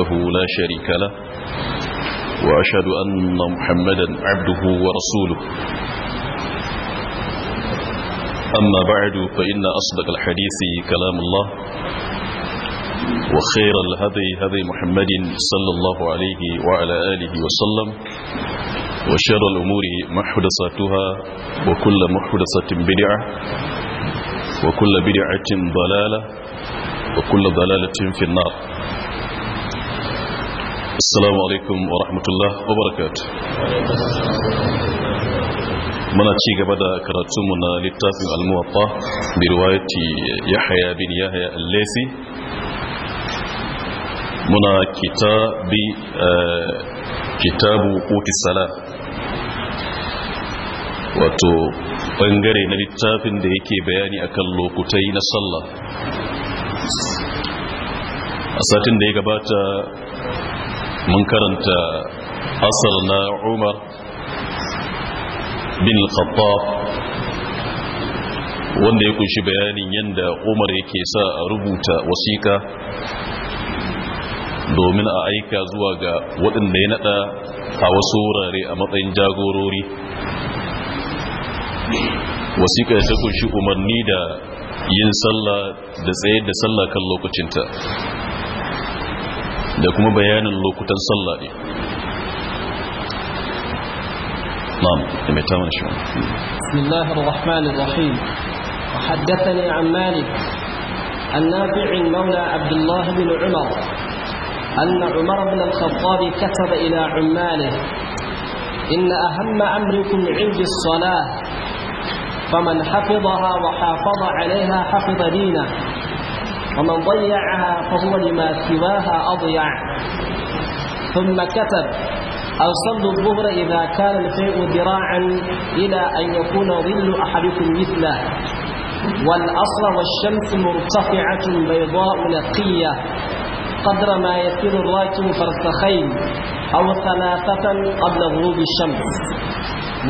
وحده لا شريك له وأشهد أن محمدا عبده ورسوله أما بعد فإن أصدق الحديث كلام الله وخير الهدي هدي محمد صلى الله عليه وعلى آله وسلم وشر الأمور محدثاتها وكل محدثة بدعة وكل بدعة ضلالة وكل ضلالة في النار السلام عليكم ورحمة الله وبركاته muna ci gaba da karatunmu na littafin almuwatta Birwati, ya haya bin ya haya laysi muna kitabi eh, kitabu quti sala wato bangare na littafin da yake bayani akan lokutai na sallah a satin da ya gabata mun karanta أصلنا na umar bin wanda ya kunshi bayanin yadda umar yake sa a rubuta wasiƙa domin a aika zuwa ga waɗanda ya naɗa a wasu wurare a matsayin jagorori wasiƙa ya kunshi umarni da yin sallah da tsayar da sallah kan lokacinta da kuma bayanin lokutan sallah ne نعم يمتامن شو بسم الله الرحمن الرحيم وحدثني عن مالك النافع مولى عبد الله بن عمر أن عمر بن الخطاب كتب إلى عماله إن أهم أمركم عندي الصلاة فمن حفظها وحافظ عليها حفظ دينه ومن ضيعها فهو لما سواها أضيع ثم كتب أو صلوا الظهر إذا كان الفيء ذراعا إلى أن يكون ظل أحدكم مثله والأصل والشمس مرتفعة بيضاء نقية قدر ما يسير الراكب فرسخين أو ثلاثة قبل غروب الشمس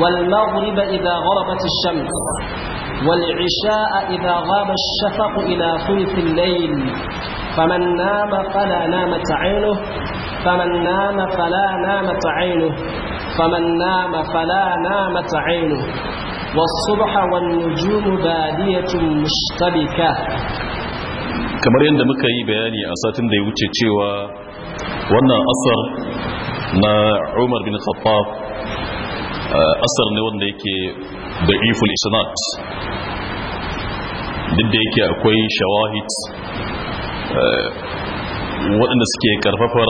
والمغرب إذا غربت الشمس والعشاء إذا غاب الشفق إلى ثلث الليل فمن نام فلا نامت عينه فمن نام فلا نامت عينه فمن نام فلا نامت عينه والصبح والنجوم بادية مشتبكة kamar yadda muka yi bayani a satin da ya wuce cewa wannan asar na umar bin khattab asar ne wanda yake da iful isnad duk da yake akwai shawahid eh, waɗanda suke karfafar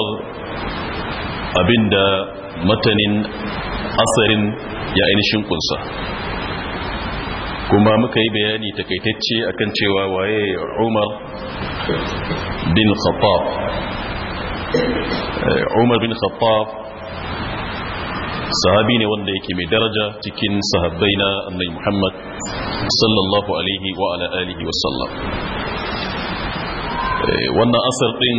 abinda matanin asarin ya ainihin kunsa kuma muka yi bayani takaitacce akan cewa waye umar bin khattab eh, umar bin khattab sahabi ne wanda yake mai daraja cikin sahabbai na annabi Muhammad sallallahu alaihi wa ala alihi wa sallam eh, wannan asar din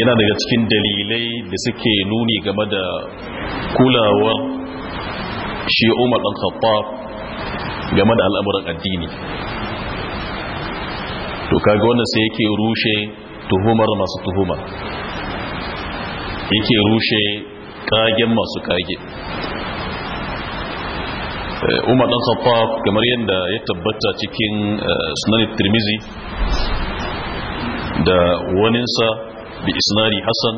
yana daga cikin dalilai da suke nuni game da kulawar shi Umar dan Khattab game da al'amuran addini to kaga wannan sai yake rushe tuhumar masu tuhuma yake rushe kagen masu kage eh, umar dan khattab kamar yadda ya tabbata cikin eh, sunan tirmizi da waninsa bi isnari Hassan,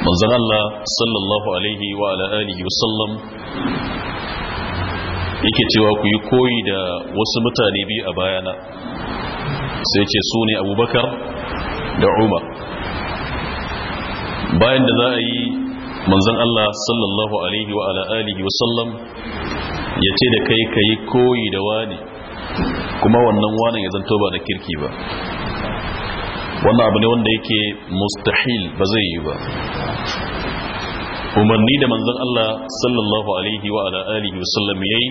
manzan Allah sallallahu alaihi wa ala wasallam yake cewa ku yi koyi da wasu mutane biyu a bayana sai ce su ne abubakar da umar bayan da za a yi manzan Allah sallallahu alaihi wa ala alihi wa sallam ya ce da kai kai koyi da wani kuma wannan wani ya zanto ba na kirki ba wannan abu ne wanda yake mustahil ba zai yi ba umarni da manzan Allah sallallahu alaihi wa ala alihi wa sallam ya yi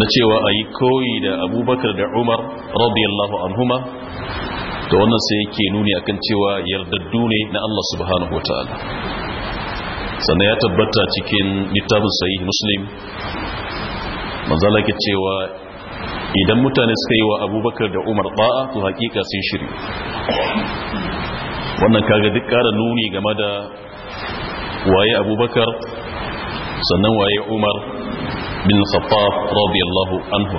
na cewa a yi koyi da Abubakar da Umar radiyallahu anhuma to wannan sai yake nuni akan cewa yardaddu ne na Allah subhanahu wataala sannan ya tabbata cikin littafin sahih muslim manzala ke cewa idan mutane suka yi wa abubakar da umar ba'a to hakika sun shiri wannan kaga duk ƙara nuni game da waye abubakar sannan waye umar bin khattab radiyallahu anhu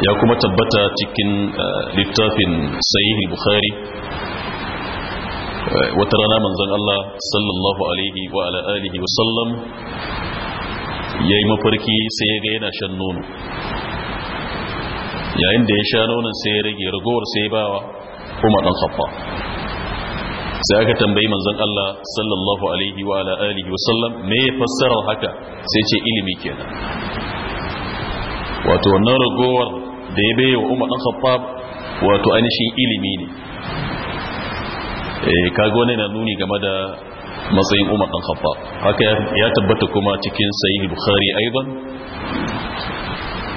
ya kuma tabbata cikin eh, littafin sahihi bukhari eh, wata rana manzan Allah sallallahu alaihi wa ala alihi wa sallam yayi mafarki sai ya ga yana shan nono yayin da ya sha nonon sai ya rage ragowar sai bawa kuma dan khaffa sai aka tambayi manzan Allah sallallahu alaihi wa ala alihi sallam me ya fassara haka sai ce ilimi kenan wato wannan ragowar da ya bayyana umar dan khattab wato ainihin ilimi ne eh kaga ne na nuni game da matsayin umar dan khattab haka ya tabbata kuma cikin sahih bukhari aidan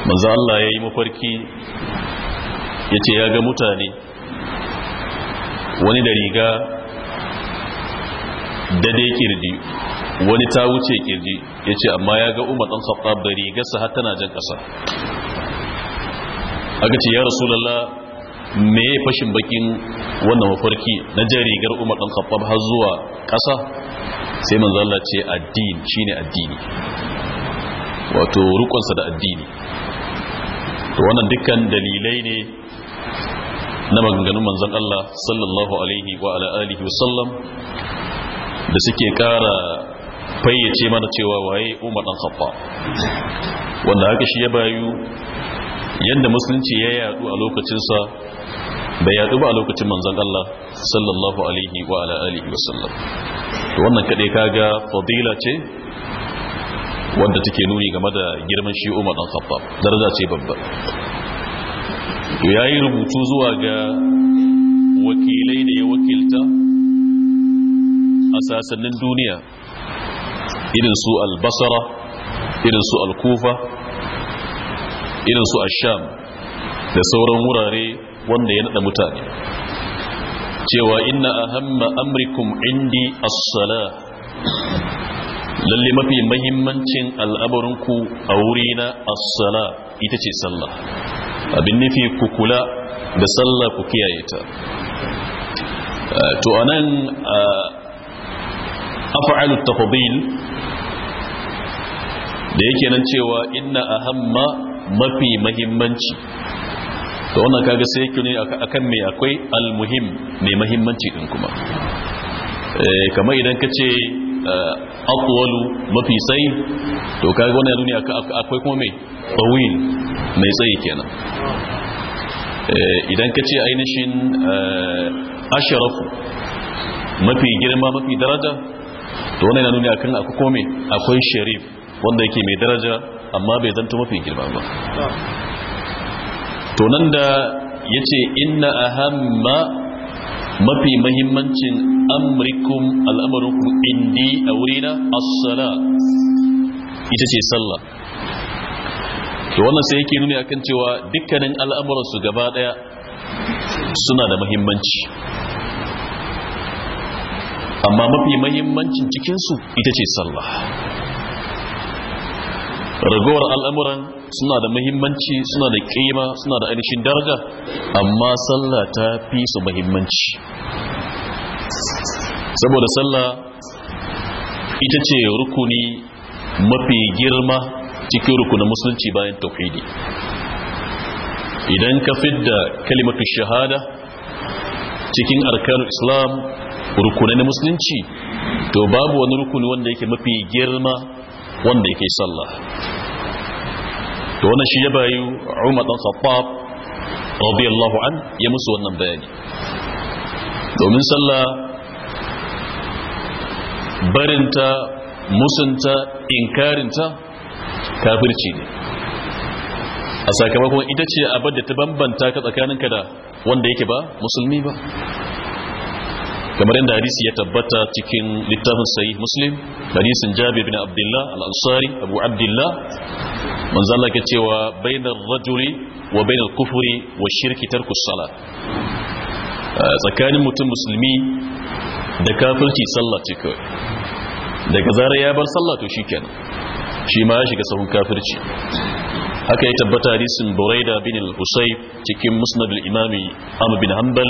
manzo Allah yayi mafarki yace ya ga mutane wani da riga da dai kirji wani ta wuce kirji yace amma ya ga umar dan khattab da rigarsa har tana jan kasa aka ce ya rasulullah me ya fashin bakin wannan mafarki na jan rigar umar dan khattab har zuwa ƙasa sai manzo Allah ce addini shine addini wato rukunsa da addini to wannan dukkan dalilai ne na maganganun manzan Allah sallallahu alaihi wa ala alihi wasallam da suke kara fayyace mana cewa waye Umar dan Khattab wanda haka shi ya bayu yadda musulunci ya yadu a lokacinsa bai yadu ba a lokacin manzan Allah sallallahu alaihi wa ala alihi wa sallam to wannan kadai kaga fadila ce wanda take nuni game da girman shi Umar dan Khattab daraja ce babba to yayi rubutu zuwa ga wakilai da ya wakilta a sasannin duniya irin su al-Basra irin su al-Kufa irin su asham da sauran wurare wanda ya nada mutane cewa inna ahamma amrikum indi as-sala lalle mafi mahimmancin al'abarinku a wurina as-sala ita ce sallah abin nufi ku kula da sallah ku kiyaye ta to anan af'alu tafdil da yake nan cewa inna ahamma mafi mahimmanci to wannan kaga sai yake ne akan me akwai almuhim mai mahimmanci din kuma eh, kamar idan ka ce eh, aqwalu mafi sai to kaga wannan ne akwai kuma mai tawil mai tsayi kenan eh, idan ka ce ainihin asharafu mafi girma mafi daraja to wannan ne akan akwai kuma mai akwai sharif wanda yake mai daraja amma bai zanto mafi girma ba to nan da ya ce inna ahamma mafi mahimmancin amurikun al'amurukun indi a wuri na asala ita ce sallah to wannan sai yake nuni kan cewa dukkanin al'amuransu gaba daya suna da mahimmanci amma mafi mahimmancin cikinsu ita ce sallah ragowar al'amuran suna da mahimmanci suna da kima suna da ainihin daraja amma sallah ta fi su muhimmanci saboda sallah ita ce rukuni mafi girma cikin rukunin musulunci bayan tauhidi idan ka da kalimatu shahada cikin arkanu islam rukunin musulunci to babu wani rukuni wanda yake mafi girma wanda yake sallah to wannan shi ya bayu Umar dan Khattab radiyallahu an ya musu wannan bayani domin sallah barinta musunta inkarinta kafirci ne a sakamakon ita ce abin da ta bambanta ka tsakaninka da wanda yake ba musulmi ba kamar yadda hadisi ya tabbata cikin littafin sahih muslim hadisin jabir bin abdullah al-ansari abu abdullah manzo ke cewa bainar rajuli wa bainar kufuri wa shirki tarkus sala ah, tsakanin mutum musulmi da kafirci sallah ce kawai daga zarar ya bar sallah to shikenan shi ma ya shiga sahun kafirci haka ya tabbata hadisin buraida bin al-husayb cikin musnad al-imami ahmad bin hanbal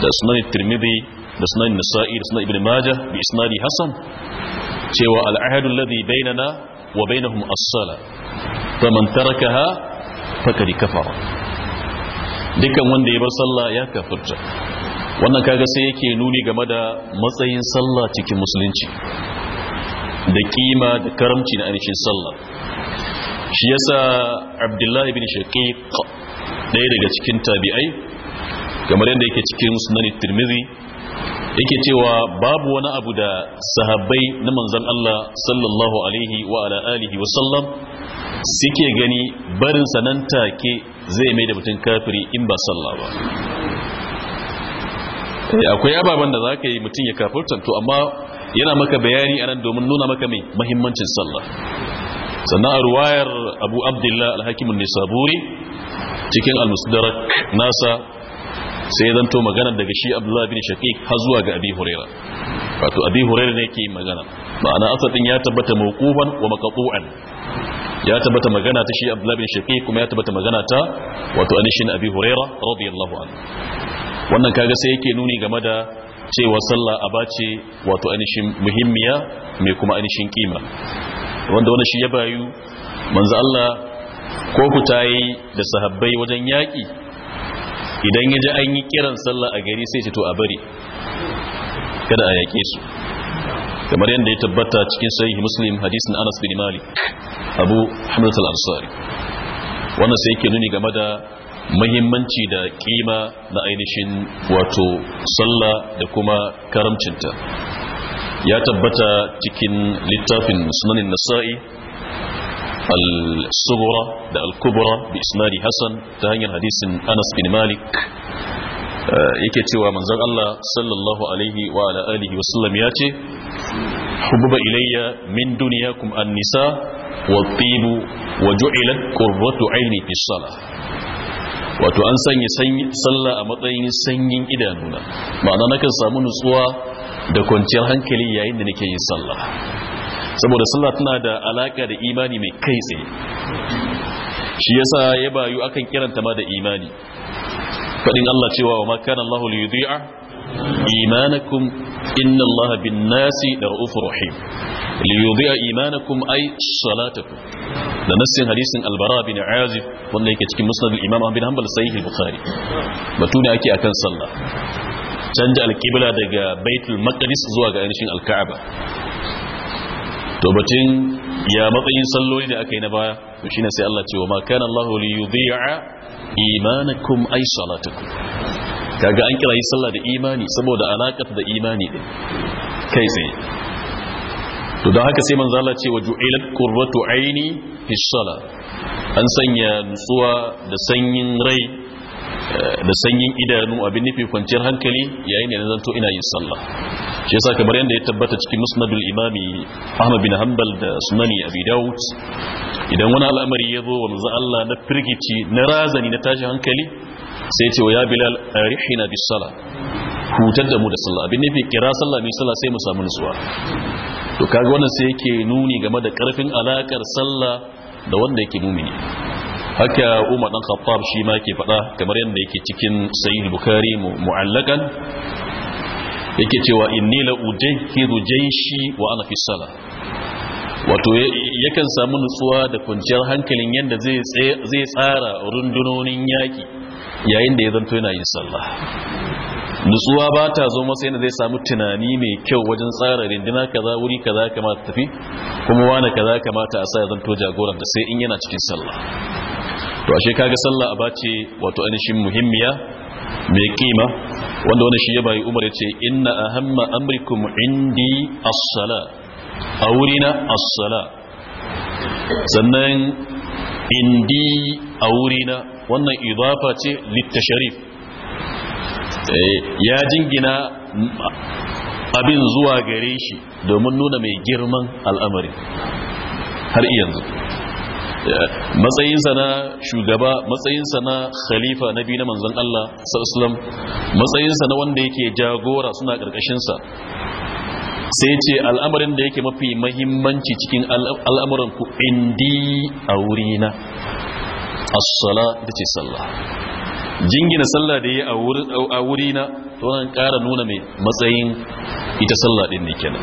da sunan tirmidhi da sunan nisa'i da sunan ibn majah bi isnadi hasan cewa al'ahadu alladhi bainana wa bainahum as-sala faman tarakaha faqad kafara dukan wanda ya bar sallah ya kafirta wannan kaga sai yake nuni game da matsayin sallah cikin musulunci da kima da karamci na ainihin sallah shi yasa abdullahi bin shaqiq ɗaya daga cikin tabi'ai kamar yadda yake cikin sunan tirmidhi yake cewa babu wani abu da sahabbai na manzan Allah sallallahu alaihi wa ala alihi wa sallam suke gani barin sanan take zai mai da mutum kafiri in ba sallah ba eh, akwai ababen da za ka yi mutum ya kafirtan to amma yana maka bayani anan domin nuna maka mai mahimmancin sallah sannan a ruwayar abu abdullah alhakimun nisaburi cikin almusdarak nasa sai zan to magana daga shi abdullahi bin shaqiq har zuwa ga abi huraira wato abi huraira ne yake magana ma'ana asad din ya tabbata mawquban wa maqtu'an ya tabbata magana ta shi abdullahi bin shaqiq kuma ya tabbata magana ta wato anishin abi huraira radiyallahu anhu wannan kaga sai yake nuni game da cewa sallah aba ce wato anishin muhimmiya mai kuma anishin kima wanda wannan shi ya bayu manzo Allah ko ku tayi da sahabbai wajen yaki idan ya ji an yi kiran sallah a gari sai ce to a bari kada a yaƙe su kamar yadda ya tabbata cikin sahihi muslim hadisin anas bin malik abu hamdat al-ansari wannan sai yake nuni game da muhimmanci da kima na ainihin wato sallah da kuma karamcinta ya tabbata cikin littafin sunanin nasa'i al-sughra da al-kubra bi isnadi Hassan ta hanyar hadisin Anas bin Malik yake cewa manzon Allah sallallahu alaihi wa ala wa sallam ya ce hubba ilayya min dunyakum an-nisa wa tibu wa ju'ilat qurratu aini wato an sanya sallah a matsayin sanyin idanuna ma'ana nakan samu nutsuwa da kwanciyar hankali yayin da nake yin sallah saboda sallah tana da alaka da imani mai kai tsaye shi yasa ya bayu akan kiranta ma da imani fadin Allah cewa wa ma Allah li yudhi'a imanakum inna Allah bin nasi da ra'ufur rahim li yudhi'a imanakum ay salatakum da nassin hadisin albara bin azib wanda yake cikin musnad al-imam bin Hanbal sahih al-bukhari batu ne ake akan sallah canja alkibla daga baitul maqdis zuwa ga ainihin kaaba to batun ya matsayin salloli da aka yi na baya to ne sai Allah ce wa ma Allah li yudhi'a imanakum ay salatakum kaga an kira yi sallah da imani saboda alaƙar da imani din kai sai to don haka sai manzo Allah ce wa ju'ilat qurratu aini fi an sanya nutsuwa da sanyin rai Eh, da sanyin idanu abin nufi kwanciyar hankali yayin da na zanto ina yin sallah shi yasa kamar yadda ya tabbata cikin musnadul imami ahmad bin hanbal da sunani abi daud idan wani al'amari ya zo wa manzo Allah na firgici na razani na tashi hankali sai ce ya bilal arihina bis sala hutar da mu da sallah abin nufi kira sallah mai sallah sai mu samu nutsuwa to kaga wannan sai yake nuni game da karfin alakar sallah da wanda yake mumini haka umar dan khattab shi ma ke fada kamar yadda yake cikin sahih bukhari mu'allakan yake cewa inni la ujahidu jaishi wa ana fi sala wato yakan samu nutsuwa da kwanciyar hankalin yadda zai tsara rundunonin yaki yayin da ya zanto yana yin sallah nutsuwa ba ta zo masa yana zai samu tunani mai kyau wajen tsara rindina kaza wuri kaza kamata tafi kuma wani kaza kamata a sa ya zanto jagoran da sai in yana cikin sallah to ashe kaga sallah aba ce wato ainihin muhimmiya mai kima wanda wani shi ya bayi umar ya ce inna ahamma amrikum indi as-sala a wurina as-sala sannan indi a wurina wannan idafa ce littasharif ya jingina abin zuwa gare shi domin nuna mai girman al'amari har yanzu matsayinsa na shugaba matsayinsa na khalifa na biyu na manzon Allah sa'islam matsayinsa na wanda yake jagora suna ƙarƙashinsa sai ce al'amarin da yake mafi mahimmanci cikin al'amuran ku indi a wurina as-sala ita ce sallah jingina sallah da yi a wuri na tunan kara nuna mai matsayin ita sallah din ne kenan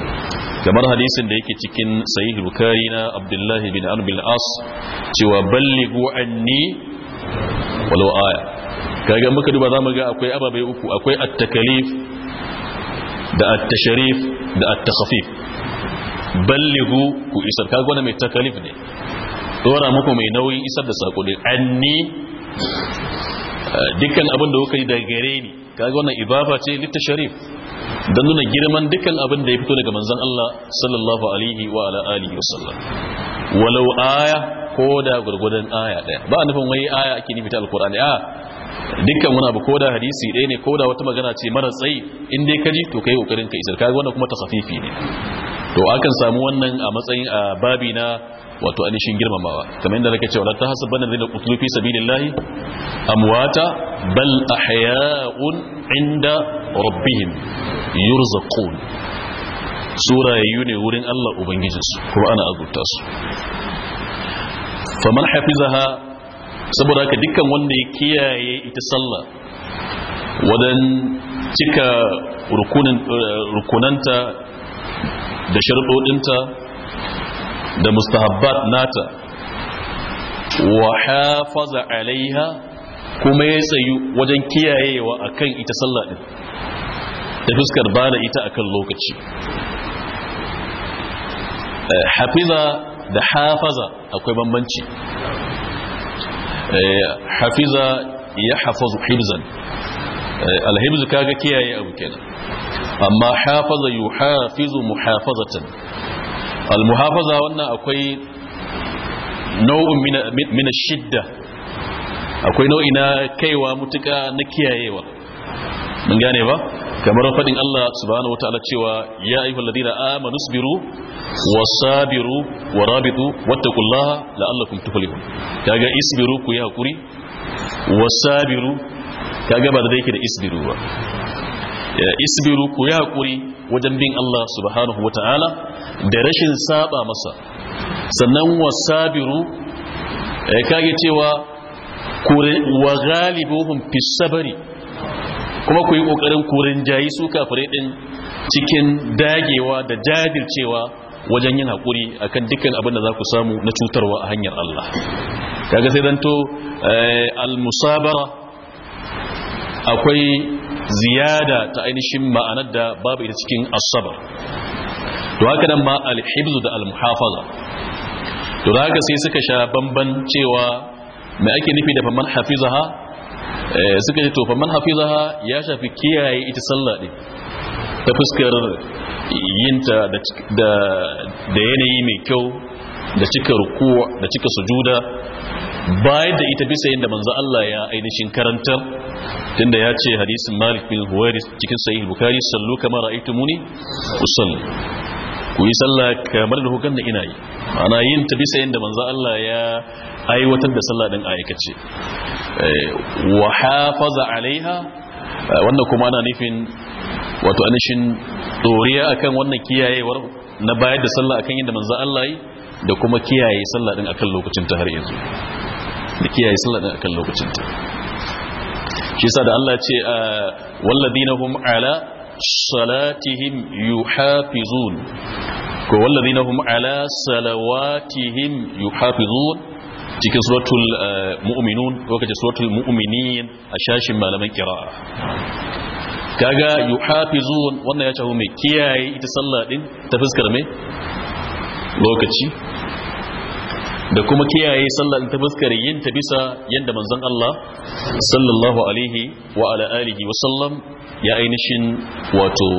kamar hadisin da yake cikin sahih bukari na abdullahi bin amr bin as cewa ballighu anni walau aya kaga muka duba zamu ga akwai ababe uku akwai at-takalif da at tasharif da at-takhfif ballighu ku isar kaga wannan mai takalif ne dora muku mai nauyin isar da sako din anni dukkan abin da kuka yi daga gare ni kaga wannan ibafa ce litta sharif don nuna girman dukkan abin da ya fito daga manzon Allah sallallahu alaihi wa ala alihi wasallam walau aya ko da gurgurdan aya daya ba a nufin wai aya ake nufi ta alqur'ani a dukkan wani abu ko da hadisi ɗaya ne ko da wata magana ce mara tsayi in dai ka ji to kai kokarin ka isar kaga wannan kuma tasafifi ne to akan samu wannan a matsayin a babi na wato anishin girmamawa kamar inda nake cewa ta hasab banan da qutlu fi sabilillahi amwata bal ahya'un inda rabbihim yurzaqun surayayyu ne wurin Allah su kuma ana azurta su faman hafizaha saboda haka dukkan wanda ya kiyaye ita sallah wadan cika eh, rukunanta da sharuɗoɗinta da mustahabbat nata wa hafaza alaiha kuma ya tsayu wajen kiyayewa akan ita sallah din da fuskar bada ita akan lokaci eh, hafiza da hafaza akwai bambanci eh, hafiza ya hafazu hibzan eh, alhibzu kaga kiyaye abu kenan amma hafaza yuhafizu muhafazatan almuhafaza wannan akwai nau'in mina shidda akwai nau'i na kaiwa mutuka na kiyayewa mun gane ba kamar faɗin Allah subhanahu wataala cewa ya ayyuhal ladina amanu sabiru wasabiru warabitu wattaqullaha la'allakum tuflihun kaga isbiru ku yi hakuri wasabiru kaga ba da yake da isbiru ba isbiru ku ya hakuri wajen bin Allah subhanahu wa Ta'ala da rashin saba masa sannan wasabiru eh, kage cewa wa galibuhum fi sabari kuma ku yi kokarin kurin jayi su kafirai din cikin dagewa da jajircewa wajen yin hakuri akan dukkan abin da za ku samu na cutarwa a hanyar Allah kaga sai to eh, al-musabara akwai ziyada ta ainihin ma'anar da babu ita cikin asabar to haka nan ma alhibzu da almuhafaza to da haka sai suka sha bamban cewa mai ake nufi da faman hafizaha eh, suka ce to faman hafizaha ya shafi kiyaye ita sallah din ta fuskar yinta da yanayi mai kyau da cika rukuwa da cika sujuda bayan da ita bisa yadda manzo Allah ya ainihin karantar tunda ya ce hadisin Malik bin Huwairis cikin sahih Bukhari sallu kama ra'aytumuni usalli ku yi sallah kamar da hukan da ina yi ana yin ta bisa yadda manzo Allah ya aiwatar da sallah din aikace eh, wa hafaza alaiha eh, wannan kuma ana nufin wato anishin doriya akan wannan kiyayewar na bayar da sallah akan yadda manzo Allah yi da kuma kiyaye sallah din akan lokacin ta har yanzu da kiyaye sallah din akan lokacin ta shi yasa da Allah ce ah, walladina hum ala salatihim yuhafizun ko walladina hum ala salawatihim yuhafizun cikin suratul ah, mu'minun kace suratul mu'minin a shashin malaman kira'a kaga yuhafizun wannan ya tafi mai kiyaye ita sallah din ta fuskar mai lokaci da kuma kiyaye sallah ta fuskar yin ta bisa yadda manzon Allah sallallahu alaihi wa ala alihi wa sallam ya ainihin wato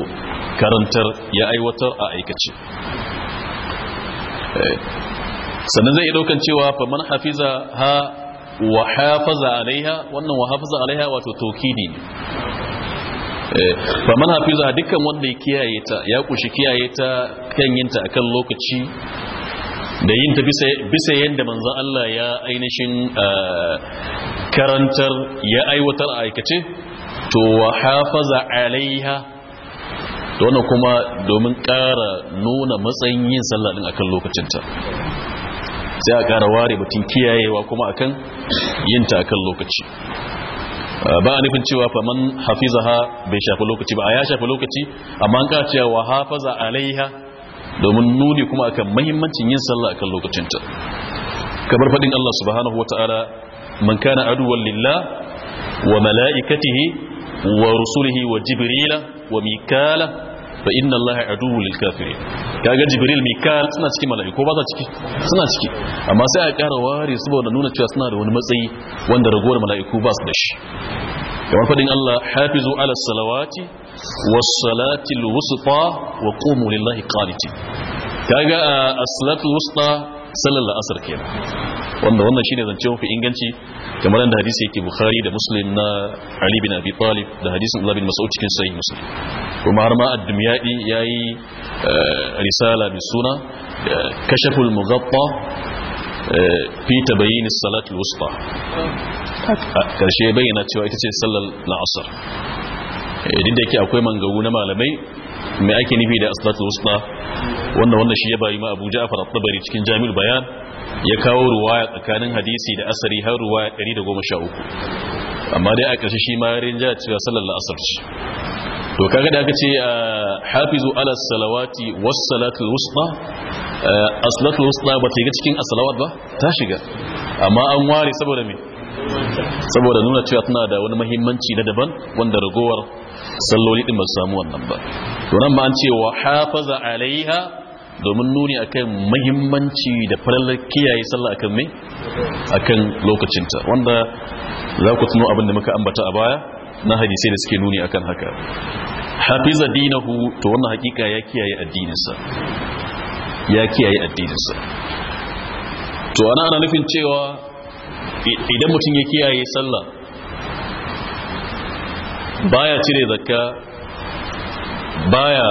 karantar ya aiwatar a aikace eh, sannan zai daukan cewa fa man hafiza ha wa hafaza alaiha wannan wa hafaza alaiha wato tokidi eh, fa man hafiza dukkan wanda ya kiyaye ta ya kushi kiyaye ta kan ta akan lokaci da yin ta bisa yadda manzan Allah ya ainihin eh, karantar ya aiwatar a aikace to wa hafaza alaiha To wannan kuma domin ƙara nuna matsayin yin sallah din akan lokacinta sai a ƙara ware batun kiyayewa kuma akan yin ta akan lokaci eh, ba a nufin cewa faman hafizaha bai shafi lokaci ba a ya shafi lokaci amma an ƙara cewa hafaza alaiha domin nuni kuma akan mahimmancin yin sallah akan lokacinta kamar faɗin Allah subhanahu wa ta'ala man kana aduwan lillah wa mala'ikatihi wa rusulihi wa jibrila wa mikala fa inna Allah aduwwu lil kafirin kaga jibril mikal suna ciki mala'iku ba za ciki suna ciki amma sai a ƙara ware saboda nuna cewa suna da wani matsayi wanda ragowar mala'iku ba su da shi kamar faɗin Allah hafizu ala salawati was salatil wa qumu lillahi ta ga a salatul wusta salar asar kenan wanda wannan shine zance mafi inganci kamar da hadisi yake bukhari da muslim na ali bin abi talib da hadisin Allah bin mas'ud cikin sahih muslim kuma har ma yayi eh, risala bi suna eh, kashaful mughatta Eh, fi tabayyin salat al-wusta ah. karshe bayyana cewa ita ce sallar la'asar eh, duk da yake akwai mangaru na malamai me ake nufi da salat al-wusta wanda wannan shi ya bayi ma Abu Ja'far al tabari cikin Jami'ul Bayan ya kawo ruwaya tsakanin hadisi da asari har ruwaya 113 amma dai a shi shi ma rinja cewa sallar la'asar ce to kaga da aka ce ah, hafizu ala salawati was salatul wusta as-salatul ah, wusta ba ta ga cikin asalawar ba ta shiga amma an ware saboda me saboda nuna cewa tana da wani mahimmanci na daban wanda ragowar salloli din ba su samu wannan ba to nan ba an ce wa hafaza alaiha domin nuni akan mahimmanci da farallar kiyaye sallah akan mai akan lokacinta wanda za ku tuno abin da muka ambata a baya na hadisai da suke nuni akan haka hafiza dinahu to wannan hakika ya kiyaye addininsa ya kiyaye addininsa to ana ana nufin cewa idan mutum ya kiyaye sallah baya cire zakka baya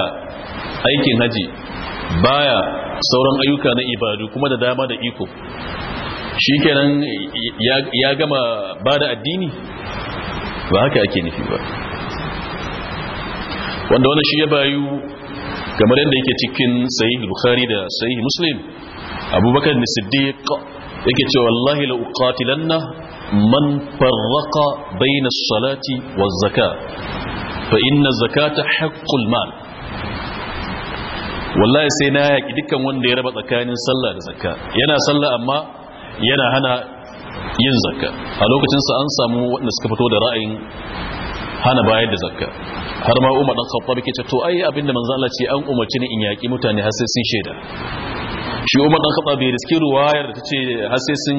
aikin haji baya sauran ayyuka na ibadu kuma da dama da iko shikenan ya gama bada addini ba haka ake nufi ba wanda wannan shi ya bayu kamar yadda yake cikin sahih bukhari da sahih muslim abubakar ne siddiq yake cewa wallahi la uqatilanna man farraqa bayna as-salati waz-zakah fa inna az-zakata haqqul mal wallahi sai na yaki dukkan wanda ya raba tsakanin sallah da zakka yana sallah amma yana hana yin zakka a lokacin sa an samu waɗanda suka fito da ra'ayin hana bayar da zakka har ma umar dan khattab yake to ai abinda manzo Allah ce an umarci ni in yaki mutane har sai sun shaida shi umar dan khattab bai riski ruwayar ta ce har sai sun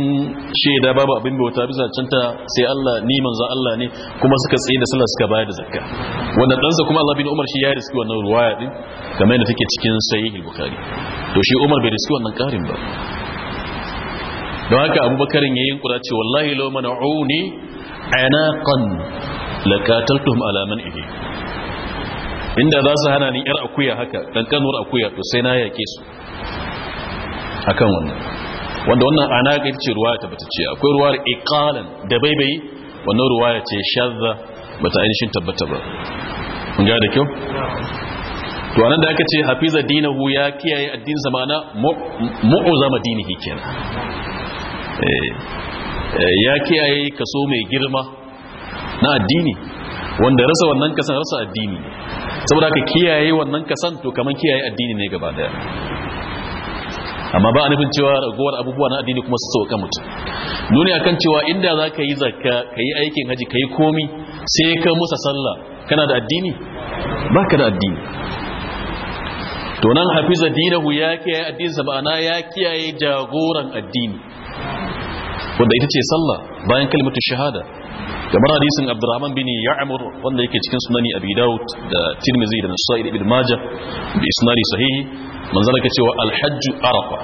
shaida babu abin bauta bisa canta sai Allah ni manzo Allah ne kuma suka tsaye da sallah suka bayar da zakka wannan dan sa kuma Allah bin Umar shi ya riski wannan ruwaya din kamar yadda take cikin sahih al-Bukhari to shi Umar bai riski wannan karin ba don haka abubakarin ya yi kura ce wallahi lo mana uni anaqan laqataltum ala man'ihi inda za su hana ni yar akuya haka kanuwar akuya to sai na yake su akan wannan wanda wannan ana ga ce ruwaya ta bata ce akwai ruwayar iqalan da baibayi wannan ruwaya ce shadda bata ainihin tabbata ba kun ga da kyau to anan da aka ce hafiza dinahu ya kiyaye addinin zamana ma'ana mu'uzama dinihi kenan eh, eh, ya kiyaye kaso mai girma na addini wanda rasa wannan kasan rasa addini saboda ka kiyaye wannan kasan to kamar kiyaye addini ne gaba daya amma ba a nufin cewa ragowar abubuwa na addini kuma su sauka mutum nuni akan cewa inda za ka yi zakka ka yi aikin haji ka yi komi sai ka musa sallah kana da addini ba ka da addini to nan hafiza dinahu ya kiyaye addininsa ma'ana ya kiyaye jagoran addini wanda ita ce sallah bayan kalmatu shahada kamar hadisin abdurrahman bin ya'mur wanda yake cikin sunani abi daud da tirmizi da nasa'i da ibn majah bi isnadi sahihi manzala ka cewa alhajj arafa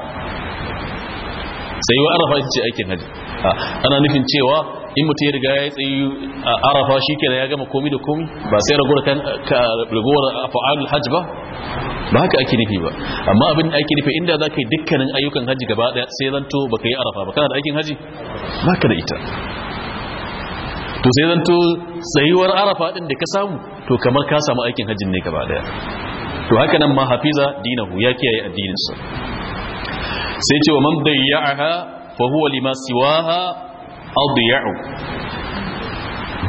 sai wa arafa ita ce aikin haji ah, ana nufin cewa in mutum ya riga ya tsayi a arafa shi ke da ya gama komi da komi ba sai ragowar fa'alul hajj ba ba haka ake nufi ba amma abin da ake nufi inda za ka yi dukkanin ayyukan hajji gaba daya sai zanto ba ka yi arafa ba kana da aikin hajji ba ka da ita to sai zanto tsayuwar arafa din da ka samu to kamar ka samu aikin hajjin ne gaba daya to haka nan ma hafiza dinahu ya kiyaye addininsa sai ce wa man dayya'aha fa huwa lima siwaha adiya'u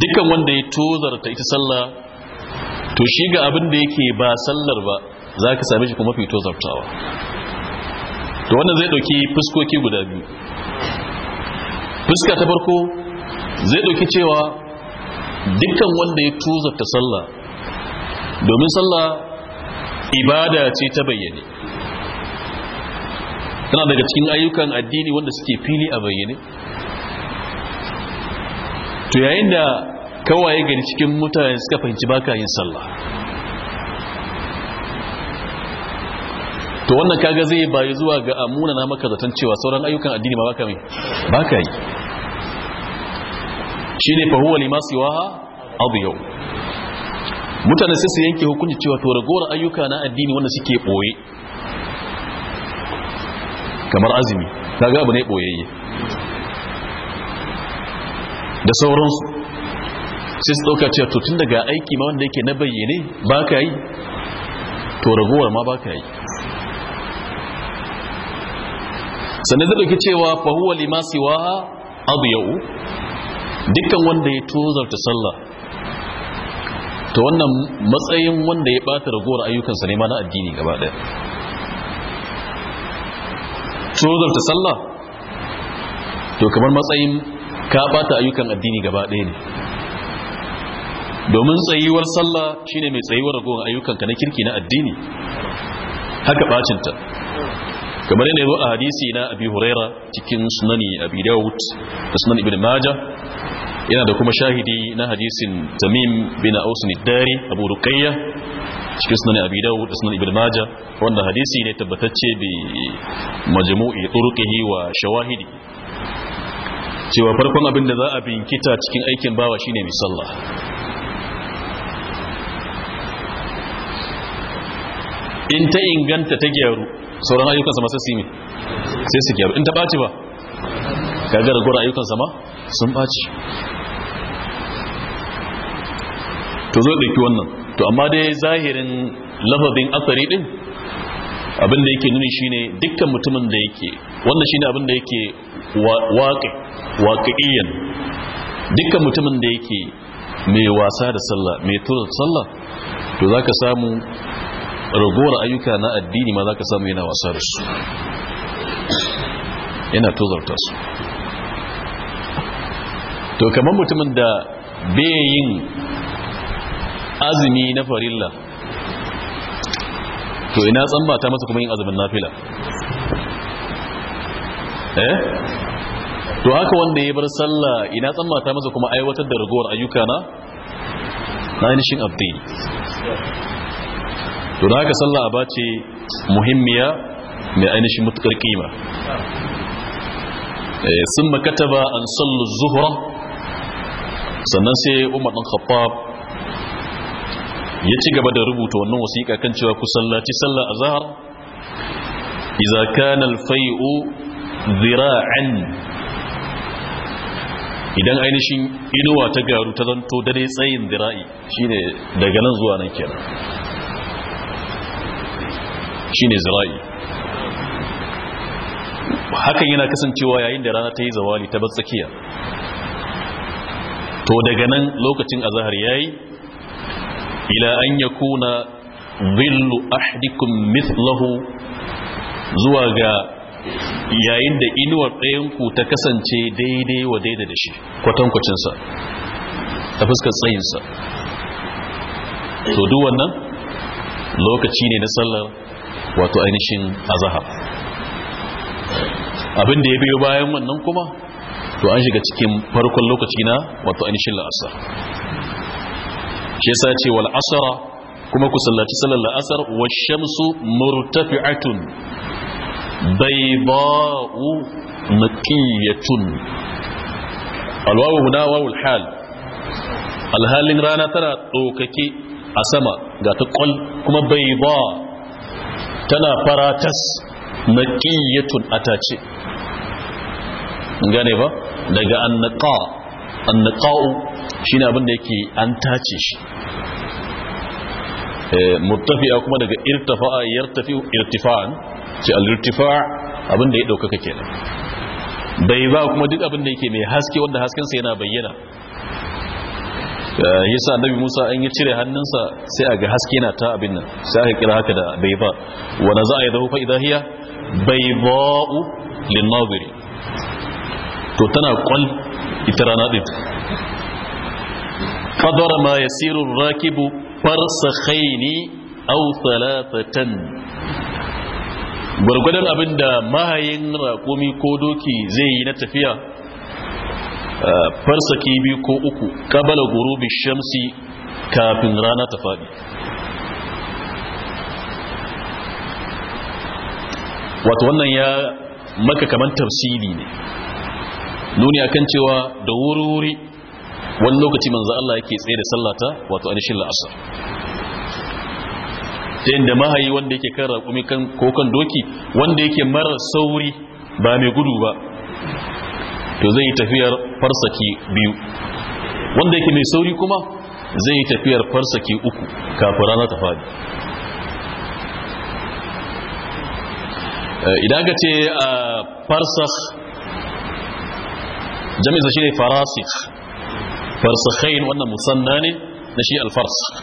dukkan wanda ya tozarta ita sallah to shi ga abin da yake ba sallar ba za ka sami shi kuma fi tozartawa to wannan zai dauki fuskoki guda biyu fuska ta farko zai ɗauki cewa dukkan wanda ya tozarta sallah domin sallah ibada ce ta bayyane tana daga cikin ayyukan addini wanda suke fili a bayyane to yayin da kawaye gani cikin mutane suka fahimci baka yin sallah to wannan kaga zai bayi zuwa ga amuna na maka zaton cewa sauran ayyukan addini ba baka mai baka yi shi fa huwa lima abu yau mutane sai su yanke hukunci cewa to ragowar ayyuka na addini wanda suke boye kamar azumi kaga abu ne boyayye da sauransu sai su ɗauka cewa tun daga aiki ma wanda yake na bayyane ba ka yi to ragowar ma ba ka yi sannan zai ɗauki cewa fahuwa limasi wa abu yau dukkan wanda ya tozarta sallah to wannan matsayin wanda ya ɓata ragowar ayyukansa ne ma na addini gaba ɗaya tozarta sallah to kamar matsayin ka bata ayyukan addini gaba ɗaya ne domin tsayuwar sallah shine mai tsayuwar ragowar ayyukanka na kirki na addini haka bacinta kamar yana yi a hadisi na abi huraira cikin sunani abi dawud da sunan ibn maja yana da kuma shahidi na hadisin tamim bin aus dari abu rukayya cikin sunani abi dawud da sunan ibn maja wanda hadisi ne tabbatacce bi majmu'i turqihi wa shawahidi cewa farkon abin da za a binkita cikin aikin bawa shine misalla in ta inganta ta gyaru sauran ayyukansa masu simi sai su gyaru in ta ɓaci ba kagar gura ayyukansa ma sun ɓaci to zo ɗauki wannan to amma dai zahirin lafafin asari ɗin abin da yake nuni shine dukkan mutumin da yake wannan shine abin da yake waƙi waƙi'iyan dukkan mutumin da yake mai wasa da sallah mai tura sallah to zaka samu ragowar ayyuka na addini ma zaka samu yana wasa da su yana tozarta su to kamar mutumin da bai yin azumi na farilla to ina tsamba ta masa kuma yin azumin nafila eh to haka wanda ya bar sallah ina tsamba ta masa kuma aiwatar da ragowar ayyuka na na ainihin abdini to da haka sallah ba ce muhimmiya mai ainihin matukar kima eh, sun makataba an sallu zuhura sannan sai umar ɗan khattab ya ci gaba da rubuta wannan wasiƙa kan cewa ku sallaci sallar azhar idza kana al-fai'u dhira'an idan ainihin inuwa ta garu ta zanto dare tsayin dira'i shine daga nan zuwa nan kenan shine zira'i hakan yana kasancewa yayin da rana ta yi zawali ta tsakiya to daga nan lokacin azhar yayi ila an ya kuna zillu ahdikum mislahu zuwa ga yayin da inuwar ɗayanku ta kasance daidai wa daidai da shi kwatankwacinsa ta fuskar tsayinsa to duk wannan lokaci ne na sallar wato ainihin azahar abin da ya biyo bayan wannan kuma to an shiga cikin farkon lokaci na wato ainihin la'asar shi sa ce wal asara kuma ku sallaci salar la'asar wa shamsu murtafi'atun bayda'u naqiyatun alwawu huna wawul hal alhalin rana tana tsokake a sama ga ta kwal kuma ba tana faratas naqiyatun atace gane ba daga annaka. annaqa'u shine abin da yake an tace shi eh, muttafiya kuma daga irtifa'a yartafi irtifa'an ce al-irtifa' abin da ya daukaka kenan bai ba kuma duk abin da yake mai haske wanda hasken yana bayyana eh, yasa annabi Musa an yi cire hannunsa sai a ga haske yana ta abin nan sai aka kira haka da bai ba wa naza yadahu fa idahiya bayda'u lin-naziri to tana kwal ita rana ɗin fadara ma ya sirun rakibu farsakhaini au talatatan gwargwadon abin da mahayin raƙumi ko doki zai yi na tafiya farsaki biyu ko uku kabala gurubi shamsi kafin rana ta faɗi wato wannan ya maka kamar tafsiri ne nuni a kan cewa da wuri-wuri wani lokaci manzo Allah yake tsaye da sallata wato anishin la'asar ta da mahayi wanda yake kan raƙumi ko kan doki wanda yake mara sauri ba mai gudu ba to zai yi tafiyar farsaki biyu wanda yake mai sauri kuma zai yi tafiyar farsaki uku kafin rana ta fadi eh, idan ka ce a ah, farsas jami'insa ne farasik. farsakhain wannan musanna ne na shi alfarsakh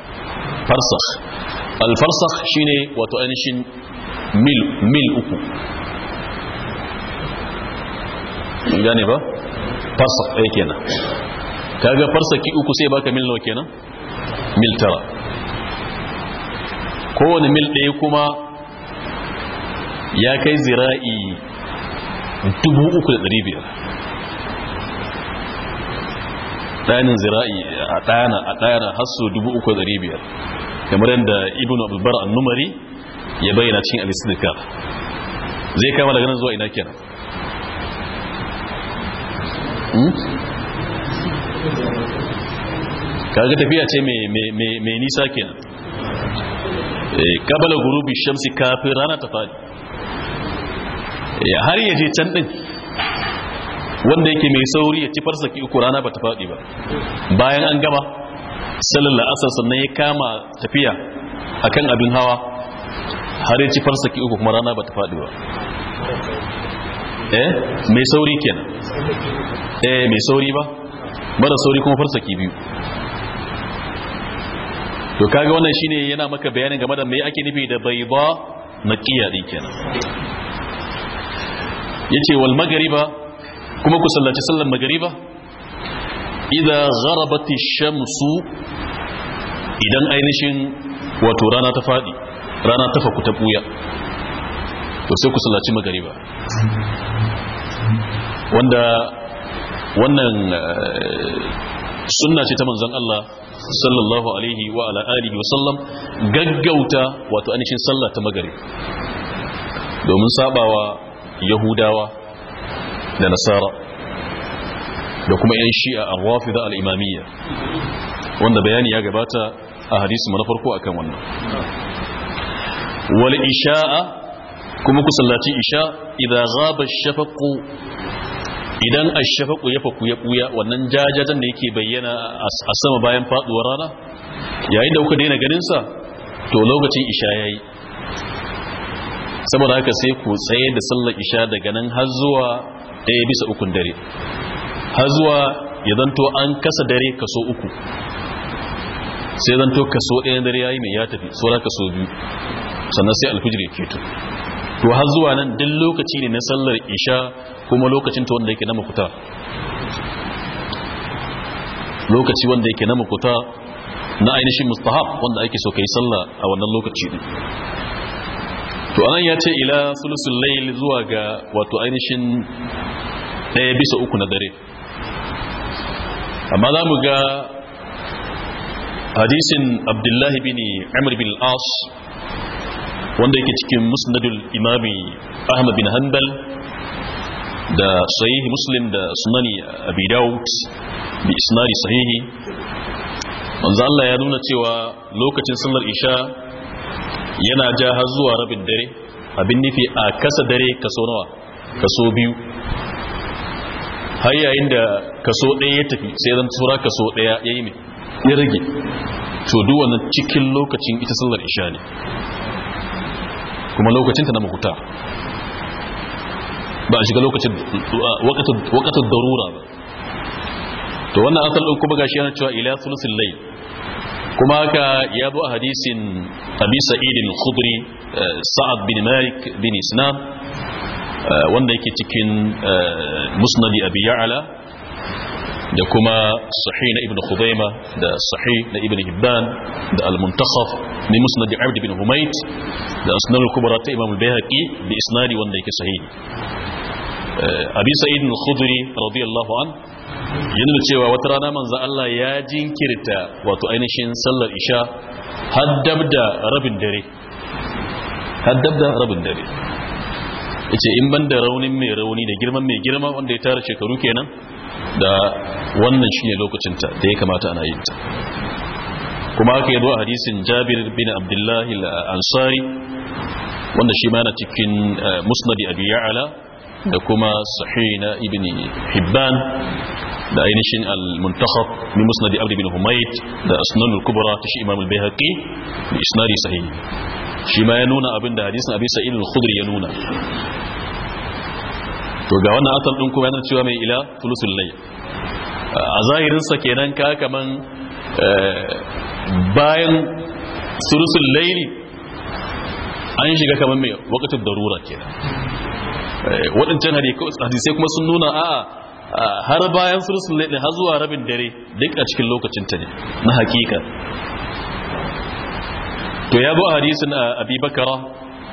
farsakh alfarsakh ne wato ainihin mil mil uku gane ba farsakh ɗaya kenan kaga farsaki uku sai baka mil nawa kenan mil tara kowane mil ɗaya kuma ya kai zira'i 3,500 tsanin zira'i a tsana a ɗana hasso 3,500 kamar yadda ibn abubuwar annumari ya bayyana cin alisidika zai kama daga nan zuwa ina kenan hmm? kaga tafiya ce mai nisa kenan kabala eh, gurubi shamsi kafin rana ta fadi eh, har yaje can ɗin wanda yake mai sauri ya ci farsaki uku rana ba ta faɗi ba bayan an gama sallar asar sannan ya kama tafiya akan abin hawa har ya ci farsaki uku kuma rana ba ta faɗi ba eh mai sauri kenan eh mai sauri ba mara sauri kuma farsaki biyu to kaga wannan shine yana maka bayanin game da me ake nufi da bayda na din kenan yace wal magriba kuma ku sallaci sallar magariba idza gharabati shamsu idan ainihin wato rana ta fadi rana ta faku ta buya to sai ku sallaci magariba wanda wannan eh, sunna ce ta manzon Allah sallallahu alaihi wa ala alihi wa sallam gaggauta wato anishin sallah ta magrib domin sabawa yahudawa da nasara da kuma 'yan shi'a a da al'imamiyya wanda bayani ya gabata a hadisu na farko akan wannan wal isha'a kuma ku sallaci isha idan zaba shafaqu idan ashafaqu ya faku ya wannan jajajen da yake bayyana a sama bayan faduwar rana yayin da kuka daina ganinsa, to lokacin isha ya yi. saboda haka sai ku tsaye da sallar isha daga nan har zuwa ɗaya bisa ukun dare har zuwa ya zanto an kasa dare kaso uku sai zanto kaso ɗaya dare yayi mai ya tafi saura kaso biyu sannan sai alfijir ya keto to har zuwa nan duk lokaci ne na sallar isha kuma lokacin ta wanda yake na makuta lokaci wanda yake na makuta na ainihin mustahab wanda ake so ka yi sallah a wannan lokaci ne to anan ya ce ila sulusul layl zuwa ga wato ainihin ɗaya bisa uku na dare amma za mu ga hadisin abdullahi bin amr bin as wanda yake cikin musnadul imami ahmad bin hanbal da sahihi muslim da sunani abi daud bi isnari sahihi wanzu Allah ya nuna cewa lokacin sallar isha yana ja har zuwa rabin dare abin nufi a kasa dare kaso nawa kaso biyu har yayin da kaso ɗaya ya tafi sai zan tura kaso ɗaya ya yi mai ya rage to duk wannan cikin lokacin ita sallar isha ne kuma lokacinta na mahuta ba a shiga lokacin wakatar darura ba to wannan asal ɗin kuma gashi yana cewa ila sulusin lai kuma haka ya zo a hadisin abisa sa'id al-khudri eh, sa'ad bin malik bin isnad wanda yake cikin musnadi abi ya'ala da kuma sahi na ibn khudaima da sahih na ibn hibban da al-muntakhaf ni musnadi abd ibn humayt da asnan al-kubra ta imam al-bayhaqi bi isnadi wanda yake sahi. abi sa'id al-khudri radiyallahu an yana da cewa wata rana manzo Allah ya jinkirta wato ainihin sallar isha haddab rabin dare da rabin dare yace in ban da raunin mai rauni da girman mai girma wanda ya tara shekaru kenan da wannan shine lokacinta da ya kamata ana yin ta kuma haka yazo a hadisin Jabir bin Abdullah al-Ansari wanda shi ma na cikin eh, musnadi Abi Ya'la da kuma sahih na Ibn Hibban da ainihin al-muntakhab min musnad abd bin humayd da asnan al-kubra ta shi imam al bayhaqi bi isnadi sahih shi ma ya nuna abin da hadisin abi sa'id al-khudri ya nuna to ga wannan asal din kuma yana cewa mai ila thulusul layl a zahirin sa kenan ka kaman eh, bayan thulusul layl an shiga kaman mai waqtul darura kenan eh, Waɗancan hadisai kuma sun nuna a'a har bayan sursun laili har zuwa rabin dare duk a cikin lokacin ta ne na hakika to ya bu hadisin abi bakara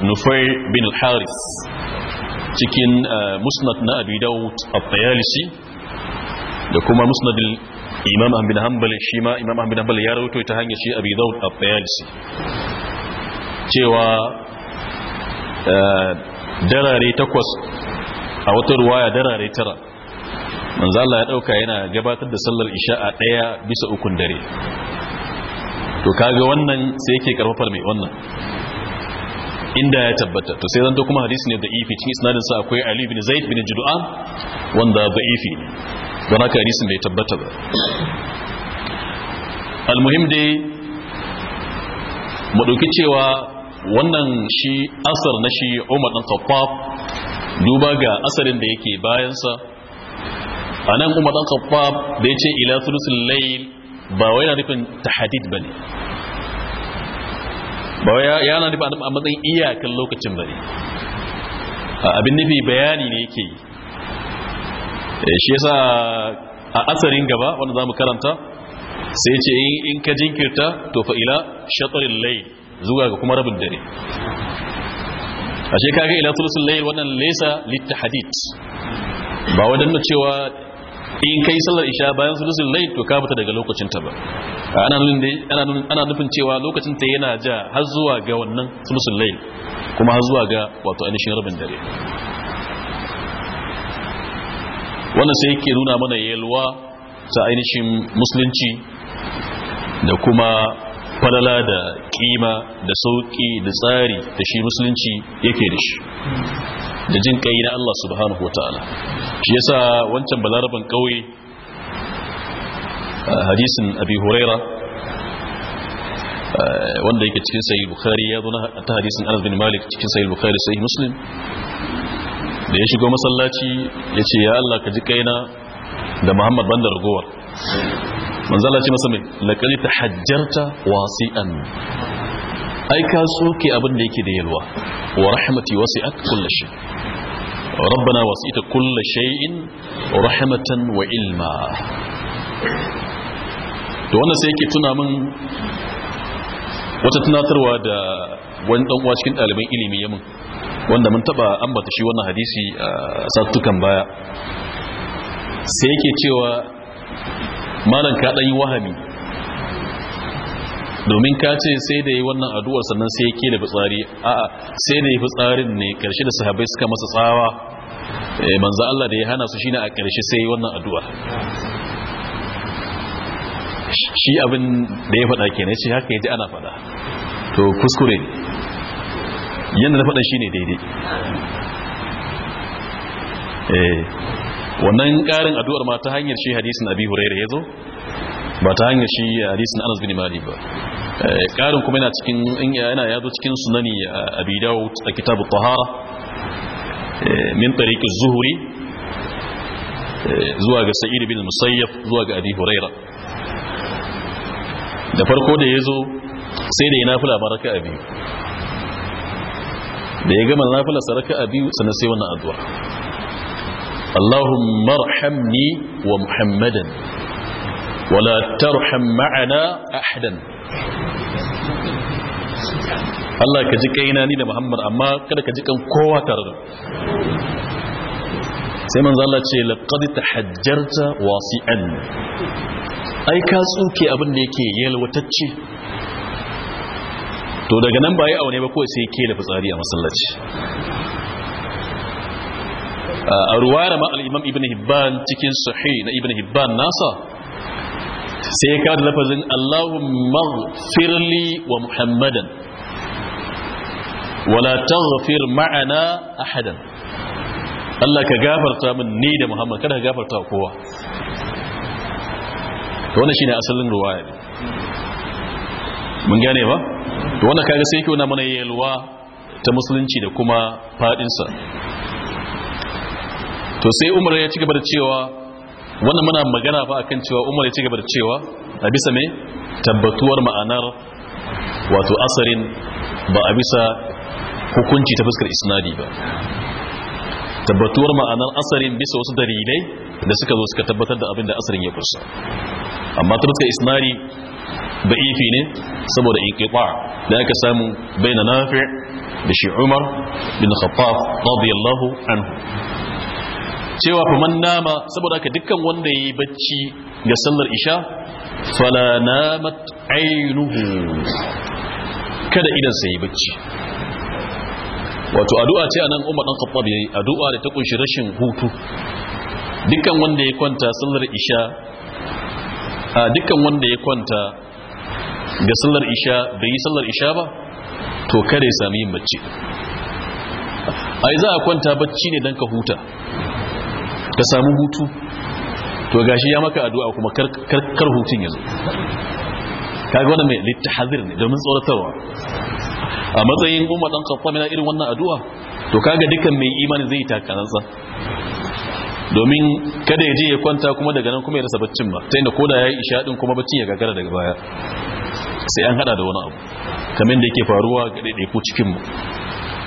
nufai bin al-haris cikin musnad na abu daud a tayalisi da kuma musnad imam ahmad bin hanbal shi ma imam ahmad bin hanbal ya rawaito ta hanyar shi abu daud a tayalisi cewa darare takwas a wata ruwaya darare tara manzo Allah ya dauka yana gabatar da sallar isha a daya bisa ukun dare to kaga wannan sai yake karfafar mai wannan inda ya tabbata to sai zanto kuma hadisi ne da ifi cikin isnadin sa akwai Ali ibn Zaid ibn Judu'an wanda da ifi don haka hadisin bai tabbata ba almuhim dai mu dauki cewa wannan shi asar na shi Umar dan Khattab duba ga asarin da yake bayansa anan kuma dan khattab da yace ila thulusul layl ba wai yana nufin tahdid bane ba wai yana nufin a matsayin iyakan lokacin bane abin nufi bayani ne yake yi eh, shi yasa a asarin gaba wanda zamu karanta sai ce in ka jinkirta to fa ila shatril layl zuwa ga kuma rabin dare ashe kaga ila thulusul layl wannan laysa littahadid ba wadannan cewa in kai sallar isha bayan sulusul lai to ka fita daga lokacin ta ba ana nufin cewa lokacin ta yana ja har zuwa ga wannan sulusul lai kuma har zuwa ga wato ainihin rabin dare wannan sai yake nuna mana yalwa ta ainihin musulunci da kuma falala da kima da sauki da tsari da shi musulunci yake da shi da jin kai na Allah subhanahu wa ta'ala shi yasa wancan balaraban kauye hadisin abi huraira wanda yake cikin sahih bukhari ya zo ta hadisin anas bin malik cikin sahih bukhari sahih muslim da ya shigo masallaci ya ce ya Allah ka ji kaina da muhammad bandar ragowar manzala ce masa mai laƙari ta hajjarta wasi'an ai ka soke abin da yake da yalwa wa rahmati wasi'at kullu shay rabbana wasi'ta kullu shay'in rahmatan wa ilma Da wannan sai yake tuna min wata tunatarwa da wani dan uwa cikin ɗaliban ilimi yamin wanda mun taba ambata shi wannan hadisi a satukan baya sai yake cewa malam ka yi wahami domin ka ce sai da yi wannan addu'ar sannan sai yake da fitsari a sai da yi fitsarin ne karshe da sahabai suka masa tsawa eh, manzo Allah da ya hana su shine a karshe sai yi wannan addu'ar. shi abin da ya faɗa kenan shi haka yaji ana faɗa to kuskure ne yanda na faɗa shine daidai eh wannan ƙarin addu'ar ma ta hanyar shi hadisin Abi Hurairah yazo ba ta hanyar shi hadisin Anas bin mali ba eh, karin kuma yana cikin yana yazo cikin sunani a Dawud a kitabu tahara eh, min tariq zuhuri eh, zuwa ga Sa'id bin Musayyab zuwa ga Abi Huraira da farko da yazo sai da ya baraka abi da ya gama nafila saraka biyu, sannan sai wannan addu'a Allahumma marhamni wa Muhammadan ولا ترحم معنا أحدا Allah ka ji kaina ni da Muhammad amma kada ka ji kan kowa tare da sai manzo Allah ce laqad tahajjarta wasi'an ai ka tsuke abin da yake yalwatacce to daga nan ba yi aune ba kawai sai ke da fitsari a masallaci a ruwaya ma al-Imam Ibn Hibban cikin sahih na Ibn Hibban nasa sai ya kawo lafazin Allahumma firli wa Muhammadan wala taghfir ma'ana ahadan Allah ka gafarta min ni da Muhammad kada ka gafarta kowa to wannan shine asalin ruwaya ne mun gane ba to wannan kaga sai yake mana yelwa ta musulunci da kuma fadin sa to sai Umar ya ci gaba da cewa wannan muna magana fa akan cewa umar ya ci gaba da cewa a bisa me tabbatuwar ma'anar wato asarin ba a bisa hukunci ta fuskar isnadi ba tabbatuwar ma'anar asarin bisa wasu dalilai da suka zo suka tabbatar da abin da asarin ya kusa amma ta fuskar isnadi ba'ifi ne saboda inqita da aka samu baina nafi' da shi Umar bin Khattab radiyallahu anhu cewa fa man nama saboda haka dukkan wanda yayi bacci ga sallar isha fala namat aynuhu kada idan sa yayi bacci wato addu'a ce anan Umar dan Khattab yayi addu'a da ta kunshi rashin hutu dukkan wanda ya kwanta sallar isha a dukkan wanda ya kwanta ga sallar isha bai yi sallar isha ba to kada ya sami yin bacci ai za a kwanta bacci ne don ka huta ka samu hutu to gashi ya maka addu'a kuma kar hutun ya zo kaga wannan mai littahazir ne domin tsoratarwa a matsayin umar dan kafa mina irin wannan addu'a to kaga dukkan mai imani zai takanansa domin kada ya je ya kwanta kuma daga nan kuma ya rasa baccin ba ta ko koda ya yi ishaɗin kuma baccin ya gagara daga baya sai an hada da wani abu kamar da yake faruwa ga ɗaiɗaiku cikin mu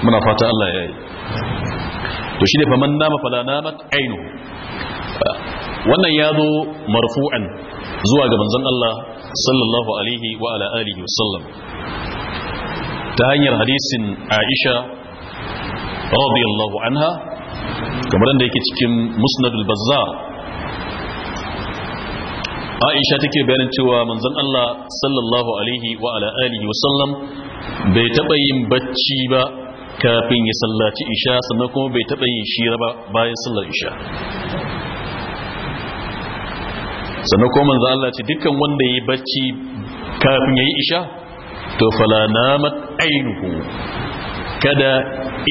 muna fata Allah ya yi to shi ne fa faman nama fala namat ainu wannan ya zo marfu'an zuwa ga manzon Allah sallallahu alaihi wa ala alihi wasallam ta hanyar hadisin Aisha radiyallahu anha kamar da yake cikin musnadul bazzar aisha take bayanin cewa manzon Allah sallallahu alaihi wa ala alihi wa sallam bai taba yin bacci ba kafin ya sallaci isha sannan kuma bai taɓa yin shira ba bayan sallar isha sannan kuma manzo Allah ce dukkan wanda ya yi bacci kafin yayi isha to fala namat ainuhu kada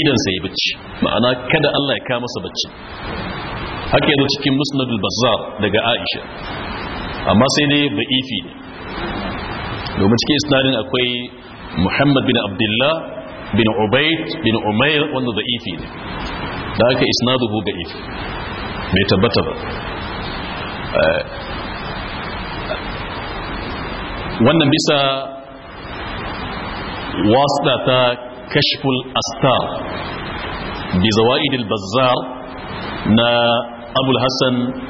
idan ya bacci ma'ana kada Allah ya kama masa bacci haka yanzu cikin musnad al-bazzar daga Aisha amma sai dai da'ifi ne domin cikin isnadin akwai Muhammad bin Abdullah بن عبيد بن عمير وانو ضعيفي ذاك اسناده ضعيف بيتبتر آه، وانا بيسا واسطة كشف الأستار بزوائد البزار نا أبو الحسن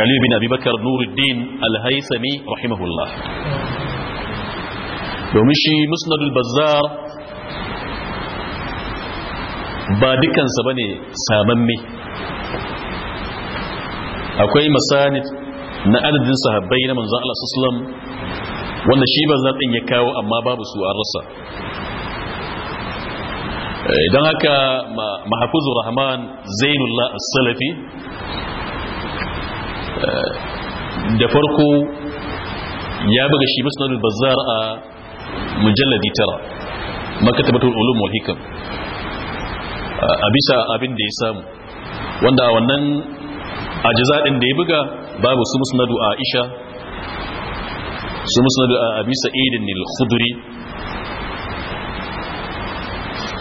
علي بن أبي بكر نور الدين الهيثمي رحمه الله دومشي مسند البزار ba dukansa ba ne samamme akwai masanid na adadin sahabbai na manzan Allah sussulam wanda shi ba zan ya kawo amma babu su an rasa Idan eh, haka mahafuzu rahman zainullah salafi eh, da farko ya buga shi musnadul bazar a mujalladi tara makatabatul ulum wa hikam a bisa abin da ya samu wanda a wannan ɗin da ya buga babu su musnadu a aisha su musnadu a bisa idin al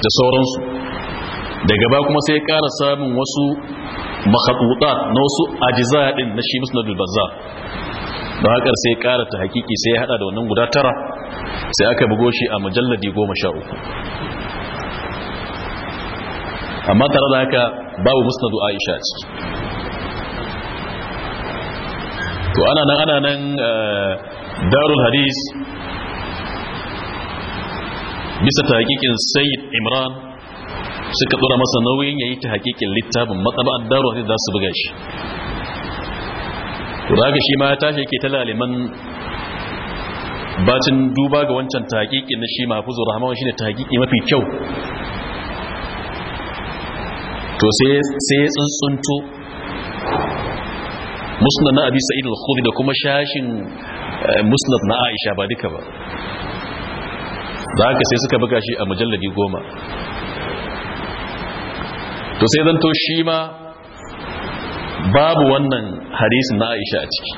da sauransu daga ba kuma sai kara samun wasu makhaduta na wasu ajizaɗin na shi musnadu bazza da haƙar sai ƙara ta hakiki sai ya haɗa da wannan guda tara sai aka bugo shi a mujalladi goma sha uku amma tare da haka babu musnadu aisha ciki to ana nan ana nan eh, darul hadis bisa ta hakikin sayyid imran suka tura masa nauyin yayi ta hakikin littafin matsaba'ar darul hadis za su buga shi to da haka shi ma ya tashi yake ta laliman bacin duba ga wancan ta hakikin na shi mahafuzu rahama ne ta hakiki mafi kyau to sai ya tsuntsunto musnad na abi sa'id al-khudri da kuma shashin eh, musnad na aisha ba duka ba da haka sai suka buga shi a mujalladi goma to sai zanto shi ma babu wannan hadisin na aisha a ciki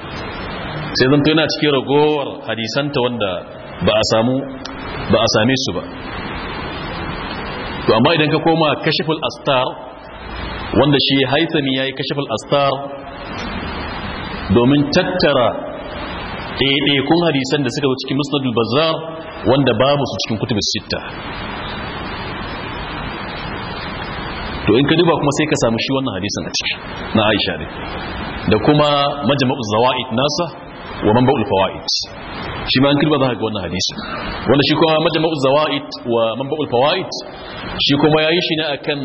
sai zanto yana cikin ragowar hadisanta wanda ba a samu ba a same su ba to amma idan ka koma kashiful astar wanda shi haitami ya yi kashifin astar domin tattara ɗaiɗaikun hadisan da suka zo cikin musnadul bazar wanda babu su cikin kutubin sitta to in ka duba kuma sai ka samu shi wannan hadisan a ciki na aisha ne da kuma majama'u zawa'id nasa wa manba'ul fawa'id shi ma an kirba za ga wannan hadisi wanda shi kuma majma'u zawaid wa manba'ul fawaid shi kuma yayi shi ne akan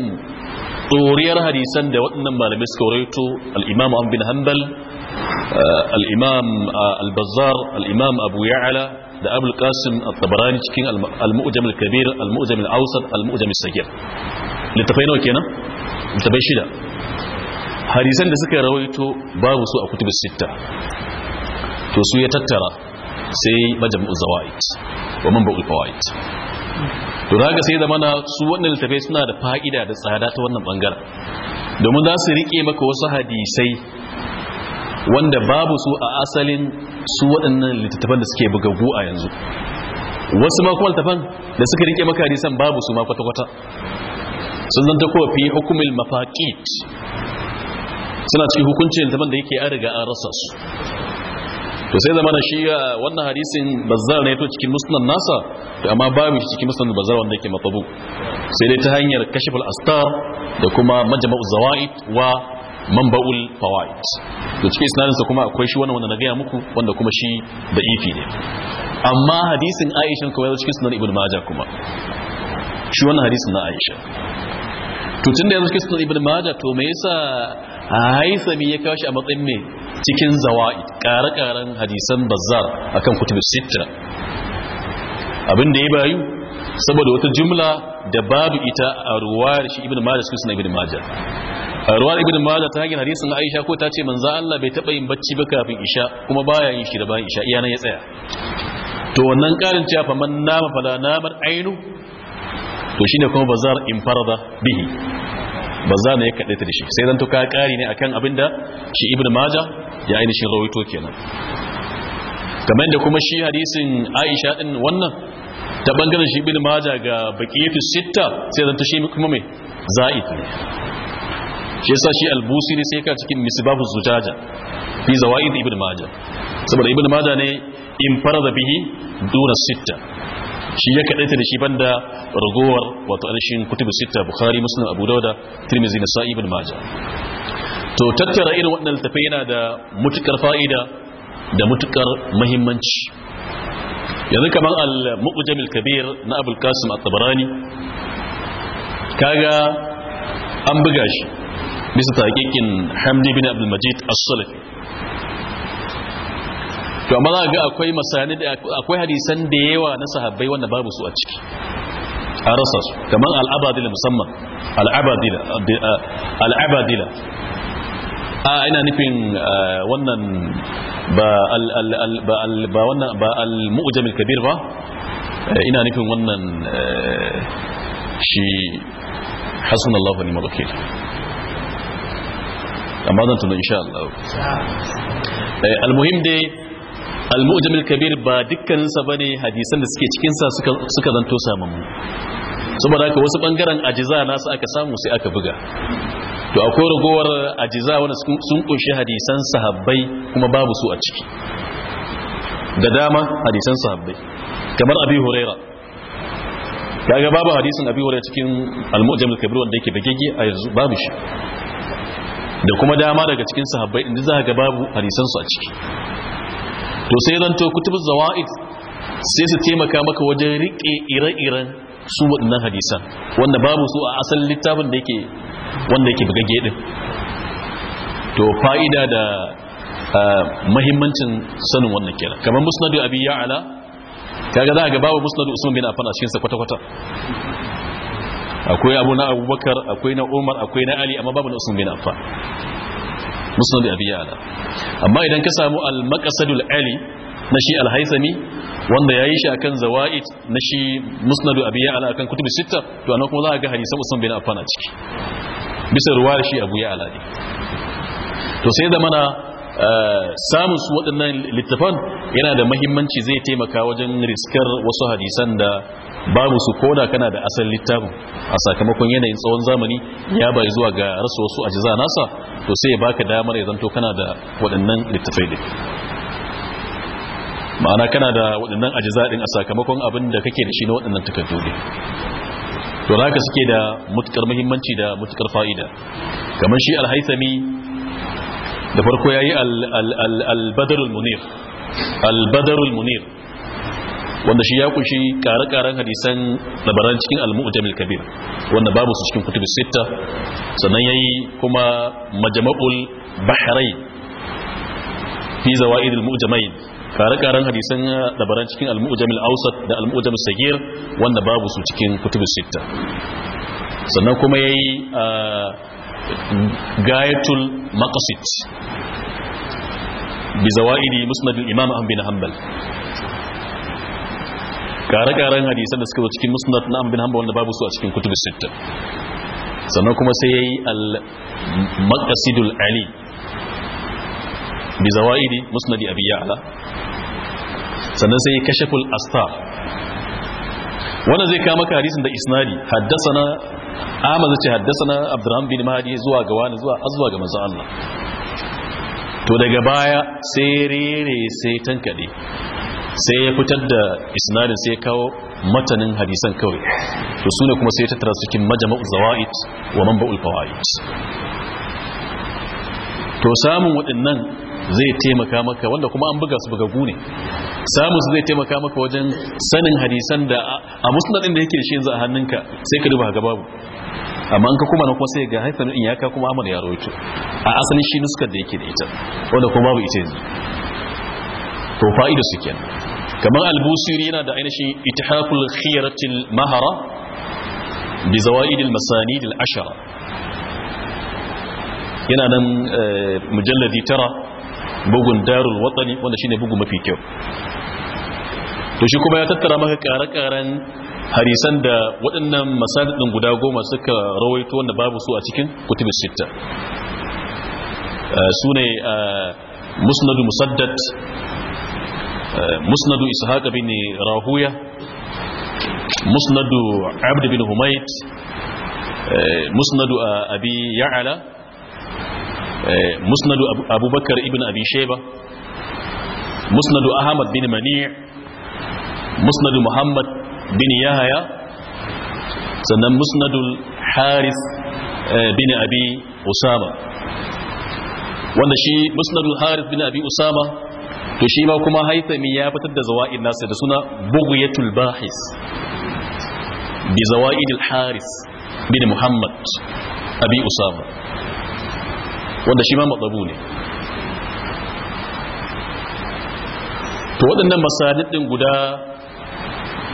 doriyar hadisan da waɗannan malamai suka rawaito al-imam Ahmad bin Hanbal eh, al-imam eh, al-Bazzar al-imam Abu Ya'la da Abul Qasim at-Tabarani cikin al-Mu'jam al-Kabir al-Mu'jam al-Awsat al-Mu'jam al-Saghir littafai nawa kenan littafai shida hadisan da suka rawaito babu su a kutubus sitta to su ya tattara sai majami'u zawait wa man ba'ul fawaid to daga sai da mana su wannan littafai suna da fa'ida da tsada ta wannan bangaren domin za su rike maka wasu hadisai wanda babu su a asalin su waɗannan littattafan da suke buga a yanzu wasu ma kuma da suka rike maka hadisan babu su ma kwata-kwata sun zanta kowa fi hukumin mafaƙit suna cikin hukuncin littattafan da yake an riga an rasa su to sai zamana shi ah, wannan hadisin bazzar ne to cikin musnad nasa to amma babu shi cikin musnad bazzar wanda yake matabu sai dai ta hanyar kashiful astar da kuma majma'u zawaid wa manba'ul fawaid da cikin sa kuma akwai shi wannan wanda na gaya muku wanda kuma shi da ifi ne amma hadisin aisha kuma ya cikin sunan ibn majah kuma shi wannan hadisin na aisha to tunda ya cikin sunan ibn majah to me yasa haisami ya kawo shi a matsayin me cikin zawaid ƙare-ƙaren hadisan bazzar akan kutubus sittra abin da ya bayu saboda wata jumla da babu ita a ruwayar shi ibn majah suna ibn majah a ruwayar ibn majah ta hanyar hadisin aisha ko ta ce manzo Allah bai taba yin bacci ba kafin isha kuma baya yin shi da bayan isha iyana ya tsaya to wannan karin cewa fa man nama fala namar ainu to shine kuma bazar in farada bihi bazar ne ya kade ta dashi sai dan to ka kari ne akan abinda shi ibn majah ya ainihin rawaito kenan kamar da kuma shi hadisin aisha din wannan ta bangaren shi bin maja ga bakiyatu sitta sai zanta shi kuma mai za'id ne shi yasa shi albusi ne sai ka cikin misbahu zujaja fi zawaid ibn maja saboda ibn maja ne in farada bihi dura sitta shi ya kadaita da shi banda ragowar wato alshin kutubu sitta bukhari muslim abu dauda tirmidhi nasa'i ibn maja to tattara irin wannan tafe yana da mutukar fa'ida da mutukar muhimmanci yanzu kamar al-muqjamil kabir na abul qasim at-tabarani kaga an buga shi bisa taqiqin hamdi bin abdul majid as-salafi to amma za ga akwai masanid akwai hadisan da yawa na sahabbai wanda babu su a ciki a rasa su kamar al-abadila musamman al-abadila a ina nufin wannan ba al mujamil kabir ba eh, ina nufin wannan eh, shi hasan Allah wa ni'mal amma zan tuno insha Allah eh, al-muhim dai al mujamil kabir ba dukkanin sa bane hadisan da suke cikin sa suka suka zanto samamu saboda haka wasu bangaren ajiza nasu aka samu sai aka buga to akwai ragowar ajiza wanda sun kunshi hadisan sahabbai kuma babu su a ciki da dama hadisan sahabbai kamar abi huraira kaga babu hadisin abi huraira cikin al-mu'jam al-kabir wanda yake bagege a yanzu babu shi da kuma dama daga cikin sahabbai inda za ga babu hadisan su a ciki to sai zan to kutubuz zawaid sai su taimaka maka wajen rike ire-iren su waɗannan hadisan wanda babu su a asalin littafin da yake wanda yake bugagge din to fa'ida da mahimmancin sanin wannan kenan kamar musnadu abi ya'ala kaga za ga babu musnadu usman bin affan a cikin sa kwata kwata akwai abu na abubakar akwai na umar akwai na ali amma babu na usman bin affan musnadu abi ya'ala amma idan ka samu al-maqsadul ali na shi alhaisami wanda ya yi shi akan zawa'id na shi musnadu abu ya'ala akan kutubu sitta to anan kuma za a ga hadisan usman bin affan a ciki bisa ruwa shi abu ya'ala ne to sai da mana eh, samun su waɗannan littafan yana da mahimmanci zai taimaka wajen riskar wasu hadisan da babu su koda kana da asal littafin a sakamakon yanayin tsawon zamani ya bai zuwa ga rasu wasu ajiza nasa to sai ya baka damar ya zanto kana da waɗannan littafai din ma'ana kana da waɗannan ajizaɗin a sakamakon abin da kake da shi na waɗannan takardu ne to haka suke da mutukar muhimmanci da mutukar fa'ida kamar shi alhaisami da farko ya yi albadarul munir albadarul munir wanda shi ya kunshi ƙare hadisan labaran cikin al-mu'jamil kabir wanda babu su cikin kutubu sita sannan yayi kuma majma'ul bahrain fi zawaid mujamain kare-karen hadisan dabaran eh, cikin al-mu'jam al-awsat da al-mu'jam al-sagir wanda babu su cikin kutubus sitta sannan kuma yayi eh, gayatul maqasid bi zawaidi musnad al-imam ahmad bin hanbal kare-karen hadisan da suka zo cikin musnad na ahmad bin hanbal wanda babu su a cikin kutubus sitta sannan kuma sai yayi al-maqasidul ali bi zawaidi musnad abi ya'la sannan sai kashaful astar wannan zai kama ka hadisin da isnadi haddasana ahmad ce na abdurrahman bin mahdi zuwa ga wani zuwa azwa ga manzon Allah to daga baya sai rere sai tankade sai ya fitar da isnadin sai kawo matanin hadisan kawai to sune kuma sai ta tattara cikin majma'u zawaid wa manba'ul fawaid to samun waɗannan zai taimaka maka wanda kuma an buga su bugagu ne samun su zai taimaka maka wajen sanin hadisan da a musulman da yake da shi yanzu a hannunka sai ka duba ga babu amma an ka kuma na kuma sai ga haifanin in yaka kuma amur ya rawaito a asalin shi nuskar da yake da ita wanda kuma babu ita yanzu to fa'ida su kenan kamar albusiri yana da ainihin ittihaful khiyaratil mahara bi zawaidil masanidil ashara yana nan eh, mujalladi tara bugun darul watani wanda shine bugu mafi kyau to shi kuma ya tattara maka ƙare-ƙaren harisan da waɗannan masalidin guda goma suka rawaito wanda babu su a cikin kutubus sitta eh, su ne eh, musnadu musaddad eh, musnadu ishaq bin rahuya musnadu abd bin humayt musnadu abi ya'ala Eh, musnadu abubakar ibn abi sheba musnadu ahmad bin mani' musnadu muhammad bin yahaya sannan musnadu haris eh, bin abi usama wanda shi musnadu haris bin abi usama to shi ma kuma haithami ya fitar da zawa'id nasa da suna bughyatul bahis bi zawa'id al haris bin muhammad abi usama wanda shi ma matsabu ne to waɗannan masalidin guda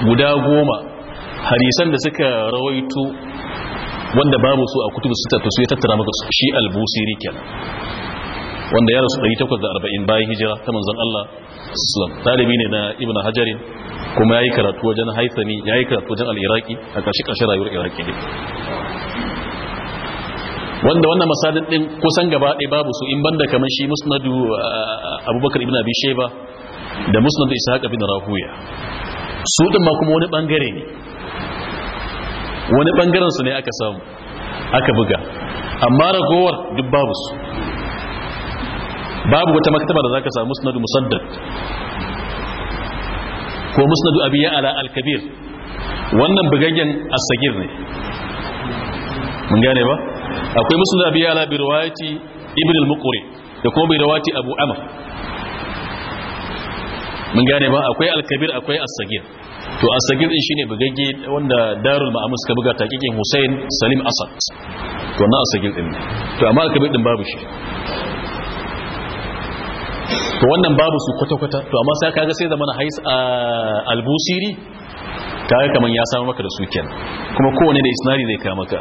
guda goma harisan da suka rawaito wanda babu su a kutubu sita to su ya tattara maka shi albusiri kenan wanda ya rasu 840 bayan hijira ta manzon Allah islam dalibi ne na ibnu hajarin kuma yayi karatu wajen yayi karatu wajen al-iraqi a kashi kashi rayuwar iraqi ne wanda wannan masadin din kusan gaba ɗaya babu su in banda kamar shi musnadu uh, abubakar ibn abi sheba da musnadu ishaq ibn rahuya su din ma kuma wani bangare ne wani bangaren su ne aka samu aka buga amma ragowar duk babu su babu wata maktaba da zaka samu musnadu musaddad ko musnadu abi ala al-kabir wannan bugaggen as-sagir ne mun gane ba akwai musu da biya labi riwayati ibn al-muqri da kuma bi riwayati abu amr mun gane ba akwai al-kabir akwai as-sagir to as-sagir din shine bugagge wanda darul ma'amus ka buga taqiqin husain salim asad to na as-sagir din to amma al-kabir din babu shi to wannan babu su kwata-kwata to amma sai kaga sai zamanin hais ah, al-busiri kaga kamar ya samu maka da su kenan kuma kowane da isnari zai kawo maka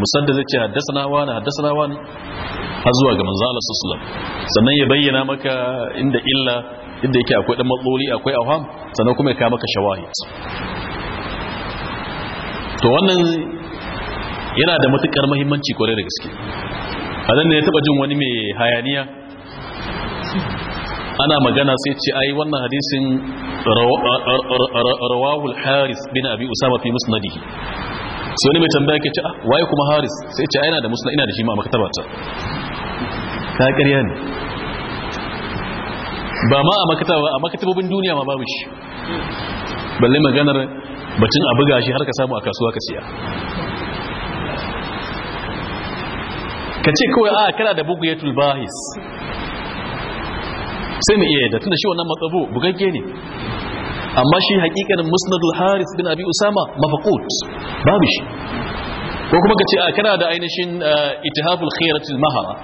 musadda zai ce haddasa wani haddasa na wani har zuwa ga manzo Allah sannan ya bayyana maka inda illa inda yake akwai dan matsoli akwai auham sannan kuma ya kama ka shawahid to wannan yana da matukar muhimmanci kwarai da gaske a nan ne ya taba jin wani mai hayaniya ana magana sai ce ai wannan hadisin rawahul haris bin abi usama fi musnadihi sai wani mai tambaya ke ce ah waye kuma haris sai ce yana da musnad ina da shi ma maktaba ta ka ƙarya ne ba ma a maktaba a maktabobin duniya ma babu shi balle maganar bacin a buga shi har ka samu a kasuwa ka siya ka ce kawai a ah, kana da bugu ya tulbahis sai mu iya yadda tunda shi wannan matsabu bugagge ne amma shi hakikanin musnadul haris bin abi usama mafaqut babu shi ko kuma kace a kana da ainihin eh, ittihabul khayratil mahara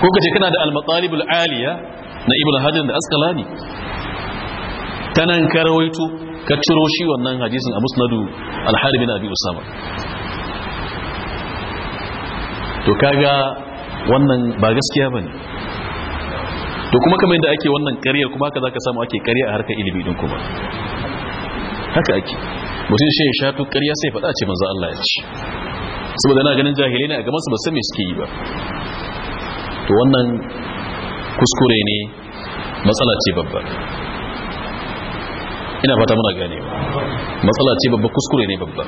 ko kace kana da al-matalibul aliya na ibnu da asqalani tanan karawaito ka ciro shi wannan hadisin a musnadu al-harib bin abi usama to kaga wannan ba gaskiya bane to kuma kamar yadda ake wannan ƙaryar kuma haka zaka samu ake ƙarya a harkar ilimi din kuma haka ake mutum shi ya shafi ƙarya sai faɗa ce manzo Allah ya ci saboda na ganin jahilai ne a gaban su ba san me suke yi ba to wannan kuskure ne matsala ce babba ina fata muna gane matsala ce babba kuskure ne babba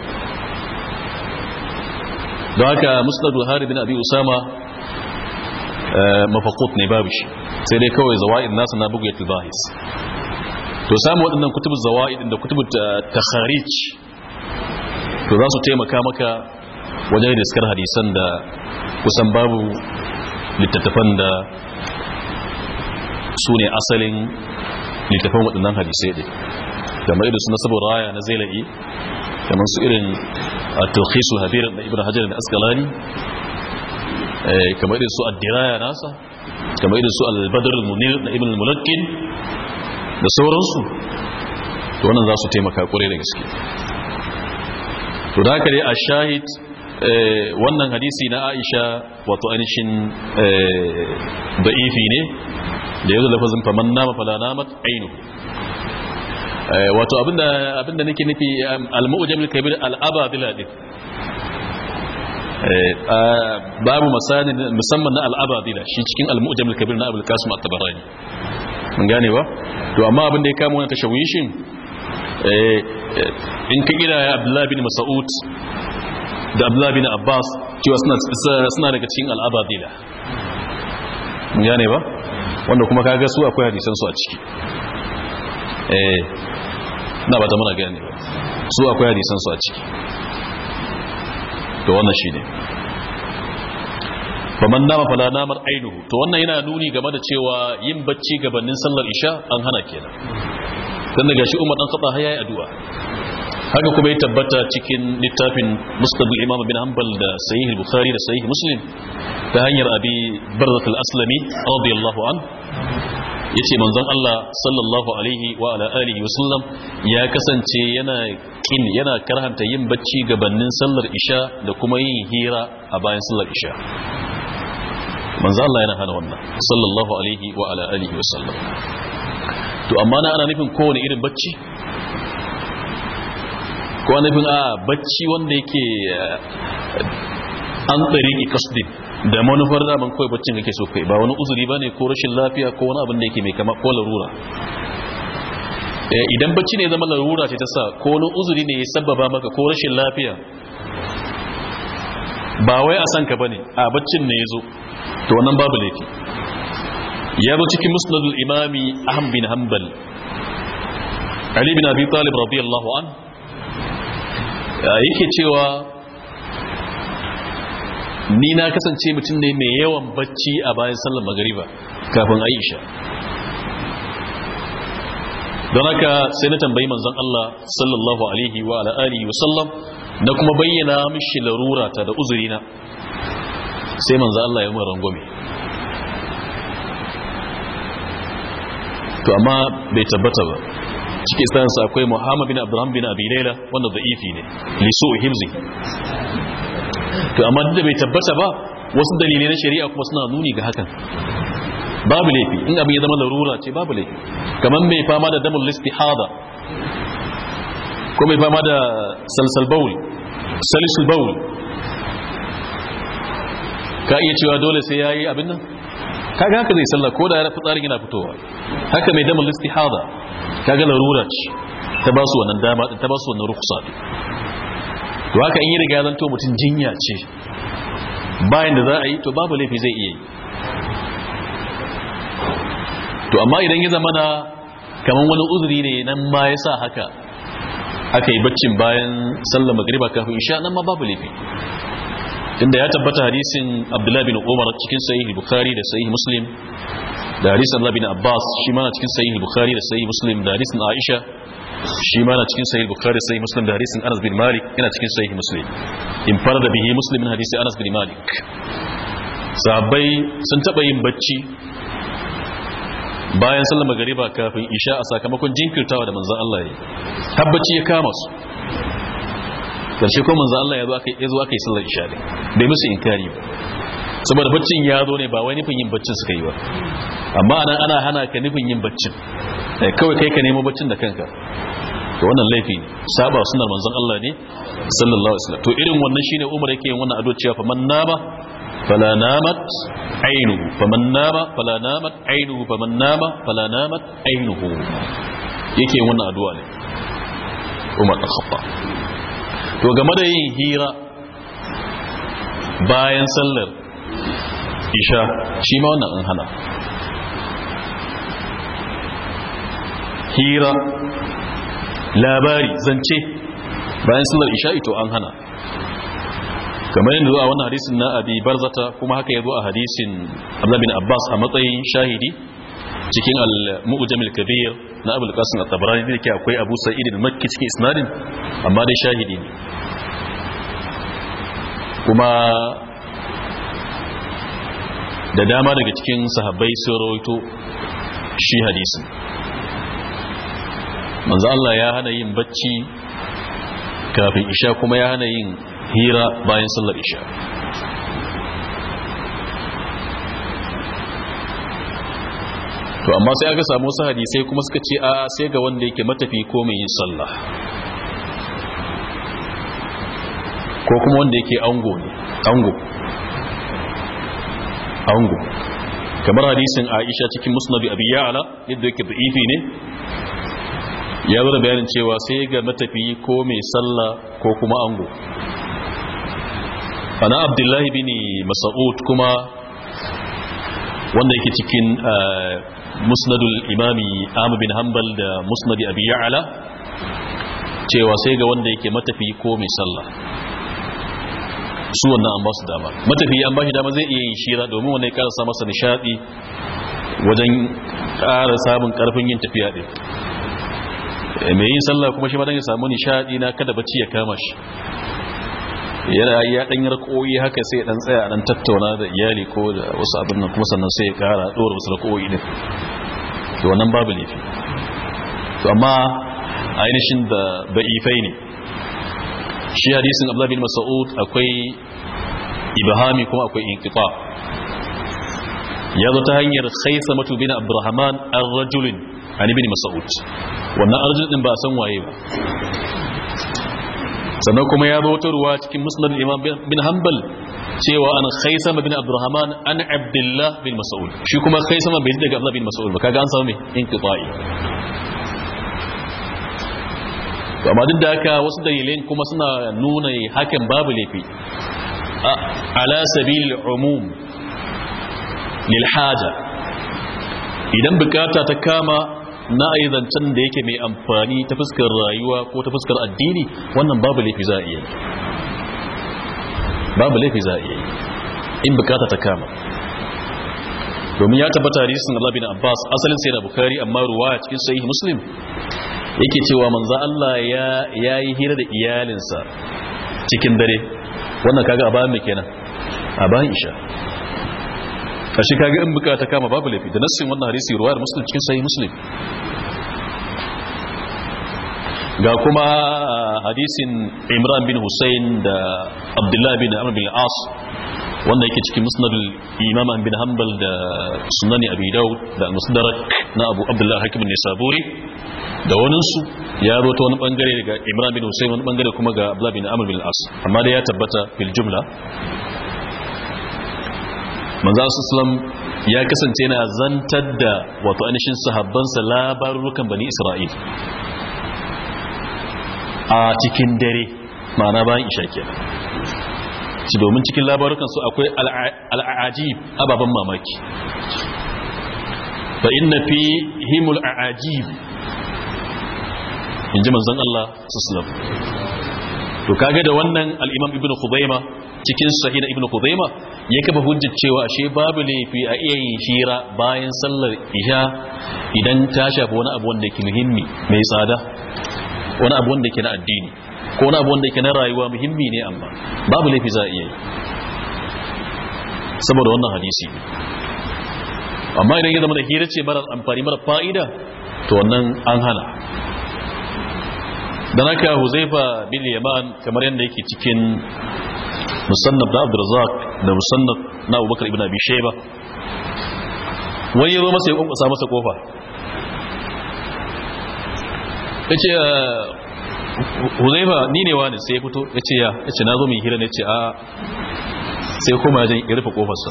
don haka musnadul harib bin abi usama Eh, mafakut ne babu shi sai dai kawai zawa'id nasa na bugu ya tilbahis to samu waɗannan kutubu zawa'id da kutubu takharij to za su taimaka maka wajen iskar hadisan da kusan babu littattafan da su ne asalin littattafan waɗannan hadisai ɗin kamar irin su nasabar raya na zaila'i kamar su irin a turkisu hafirar da ibrahim hajjar da askalani Eh, kamar irin su addiraya nasa kamar irin su albadar munir na ibn mulakin da sauransu to wannan za su taimaka kure da gaske to da haka dai a shahid eh, wannan hadisi na aisha wato ainihin eh, da'ifi ne da yanzu lafazin faman nama fala namat ainu wato abinda abinda nake nufi al-mu'jamil kabir al-abadila din Eh, babu masani musamman na al'abadila shi cikin al-mu'jamil kabir na abul qasim at-tabarani mun gane ba to amma abin da ya kama wannan tashawishin eh, in ka kira abdullah bin mas'ud da abdullah bin abbas cewa suna daga cikin al'abadila mun gane ba wanda kuma kaga su akwai hadisan su a ciki eh na ba ta muna gane ba su akwai hadisan su a ciki to wannan shi ne. Ba man nama fala namar ainihu to wannan yana nuni game da cewa yin bacci gabanin sallar isha an hana kenan dan daga shi umar dan kaba hayayi addu'a haka kuma ya tabbata cikin littafin mustabu bin hanbal da sahih bukhari da sahih muslim ta hanyar abi barzat al-aslami radiyallahu an yace manzon Allah sallallahu alaihi wa ala alihi wa sallam ya kasance yana kin yana karhanta yin bacci gabanin sallar isha da kuma yin hira a bayan sallar isha manzon Allah yana hana wannan sallallahu alaihi wa ala alihi wa sallam to amma na ana nufin kowane irin bacci ko ana nufin a bacci wanda yake eh, an tsari kasdin da manufar daman kawai baccin yake so kai ba wani uzuri ba ne ko rashin lafiya ko wani abin da yake mai kama ko larura eh, idan bacci ne zama larura ce ta sa ko wani uzuri ne ya sababa maka ko rashin lafiya ba wai a san ka ba ne a baccin ne ya zo to wannan babu laifi ya zo cikin musnadul imami ahmad bin hanbal ali bin abi talib radiyallahu an eh, yake cewa ni na kasance mutum ne mai yawan bacci a bayan sallar magariba kafin aisha don haka sai na tambayi manzon Allah sallallahu alaihi wa ala wa sallam na kuma bayyana mishi larura ta da uzurina sai manzon Allah ya mun rangwame to amma bai tabbata ba cikin istansa akwai muhammad bin abdulhamid bin abi laila wanda da'ifi ne lisu himzi to amma duk da bai tabbata ba wasu dalilai na shari'a kuma suna nuni ga hakan babu laifi in abin ya zama larura ce babu laifi kamar mai fama da damul istihada ko mai fama da salsal baul salisul baul ka iya cewa dole sai yayi abin nan kaga haka zai sallah ko da ya tsarin yana fitowa haka mai damul istihada kaga larura ce ta ba su wannan dama ta ba su wannan ruksa to haka in yi riga zanto mutum jinya ce bayan da za a yi to babu laifi zai iya yi to amma idan ya zamana kamar wani uzuri ne nan ma ya sa haka aka yi baccin bayan sallar magriba kafin sha nan ma babu laifi inda ya tabbata hadisin abdullahi bin umar cikin sahih bukhari da sahih muslim da hadisin abdullahi bin abbas shi ma cikin sahih bukhari da sahih muslim da hadisin aisha shi ma na cikin sahih bukhari sahih muslim da hadisin anas bin malik yana cikin sahih muslim in farada da bihi muslim min hadisi anas bin malik sahabbai sun taba yin bacci bayan sallar magariba kafin isha a sakamakon jinkirtawa da manzon Allah ya tabbaci ya kama su karshe ko manzon Allah ya zo aka yi sallar isha ne bai musu inkari ba saboda baccin ya zo ne ba wai nufin yin baccin suka yi ba amma anan ana hana ka nufin yin baccin eh, kawai kai ka nemo baccin da kanka to wannan laifi ne saba sunnar manzon Allah ne sallallahu alaihi wasallam to irin wannan shine Umar yake yin wannan ado cewa fa man nama fala namat aynuhu fa man nama fala namat aynuhu fa man nama fala namat aynuhu yake yin wannan addu'a ne Umar al-Khattab to game da yin hira bayan sallar isha shi ma wannan an hana hira labari zance bayan sallar isha ito an hana kamar yadda zuwa wannan hadisin na abi barzata kuma haka ya zo a hadisin abdullahi bin abbas a matsayin shahidi cikin al-mu'jam al-kabir na al qasim at-tabarani da yake akwai abu sa'id al-makki cikin isnadin amma dai shahidi ne kuma da dama daga cikin sahabbai sun rawaito shi hadisin manzo Allah ya hana yin bacci kafin isha kuma ya hana yin hira bayan sallar isha to amma sai aka samu wasu hadisai kuma suka ce a sai ga wanda yake matafi ko mai yin sallah ko kuma wanda yake ango ango ango kamar hadisin aisha cikin musnad abi ya'la yadda yake da'ifi ne ya bar bayanin cewa sai ga matafiyi ko mai salla ko kuma ango ana abdullahi bin mas'ud kuma wanda yake cikin eh, musnadul imami ahmad bin hanbal da musnad abi ya'la cewa sai ga wanda yake matafi ko mai salla. su wannan an ba su dama matafiya an ba shi dama zai iya yin shira domin wani karasa masa nishadi wajen kara samun karfin yin tafiya ɗin eh, mai yin sallah kuma shi ma ya samu nishadi na kada bacci ya kama shi yana ya dan rakoyi haka sai dan tsaya dan tattauna da iyali ko da wasu abin nan kuma sannan sai ya kara dora wasu rakoyi din to wannan babu ne to amma ainihin da ba'ifai ne shi hadisin abdullahi bin mas'ud akwai ibhami kuma akwai inqita Yazo ta hanyar khaisa matu bin abdurrahman ar-rajulin an ibn mas'ud wannan arjul din ba san waye ba sannan kuma ya zo ta ruwa cikin musnad imam bin hanbal cewa an khaisa bin abdurrahman an abdullah bin mas'ud shi kuma khaisa bai ji daga Abdullahi bin mas'ud ba kaga an samu me inqita'i to amma duk da haka wasu dalilai kuma suna nuna hakan babu laifi ala sabilil umum lil haja idan bukata ta kama na ayi zancen da yake mai amfani ta fuskar rayuwa ko ta fuskar addini wannan babu laifi za a iya babu laifi za a iya in bukata ta kama domin ya tabbata hadisin Allah bin Abbas asalin sai da Bukhari amma ruwaya cikin sahih Muslim yake cewa manzo Allah ya yayi hira da iyalinsa cikin dare wannan kaga a bayan me kenan a bayan Isha kashi kaga in bukata kama babu lafi da nassin wannan hadisi ruwayar Muslim cikin sahih Muslim ga kuma hadisin Imran bin Hussein da Abdullah bin Amr bin As wanda yake cikin musnadul imam bin hanbal da sunani abi daud da musdarak na abu abdullah hakim ne saburi da wani su ya rota wani bangare daga imran bin husayn wani bangare kuma ga abdullah bin amr bin as amma da ya tabbata fil jumla manzo sallam ya kasance yana zantar da wato anishin sahabbansa labarukan bani isra'il a cikin dare ma'ana bayan isha kenan ci domin cikin labarukan su akwai al'ajib ababen mamaki fa inna fi himul a'ajib in ji manzan Allah sallallahu to kage da wannan al-Imam Ibn Khuzaima cikin sahih Ibn Khuzaima ya kafa hujjar cewa ashe babu laifi a iya yin shira bayan sallar isha idan ta shafi wani abu wanda ke muhimmi mai tsada wani abu wanda ke na addini ko wani abu wanda yake na rayuwa muhimmi ne amma babu laifi za a iya yi saboda wannan hadisi amma idan ya zama da hira ce mara amfani mara fa'ida to wannan an hana Da dan haka huzaifa bin yaman kamar yadda yake cikin musannaf da abdurzak da musannaf na abubakar ibn abi wani ya zo masa ya kwamfasa masa kofa ya ah, huzaifa ni ne wani sai ya fito ya ce ya ya ce na zo mai hira ne ce a sai kuma jan irfa kofarsa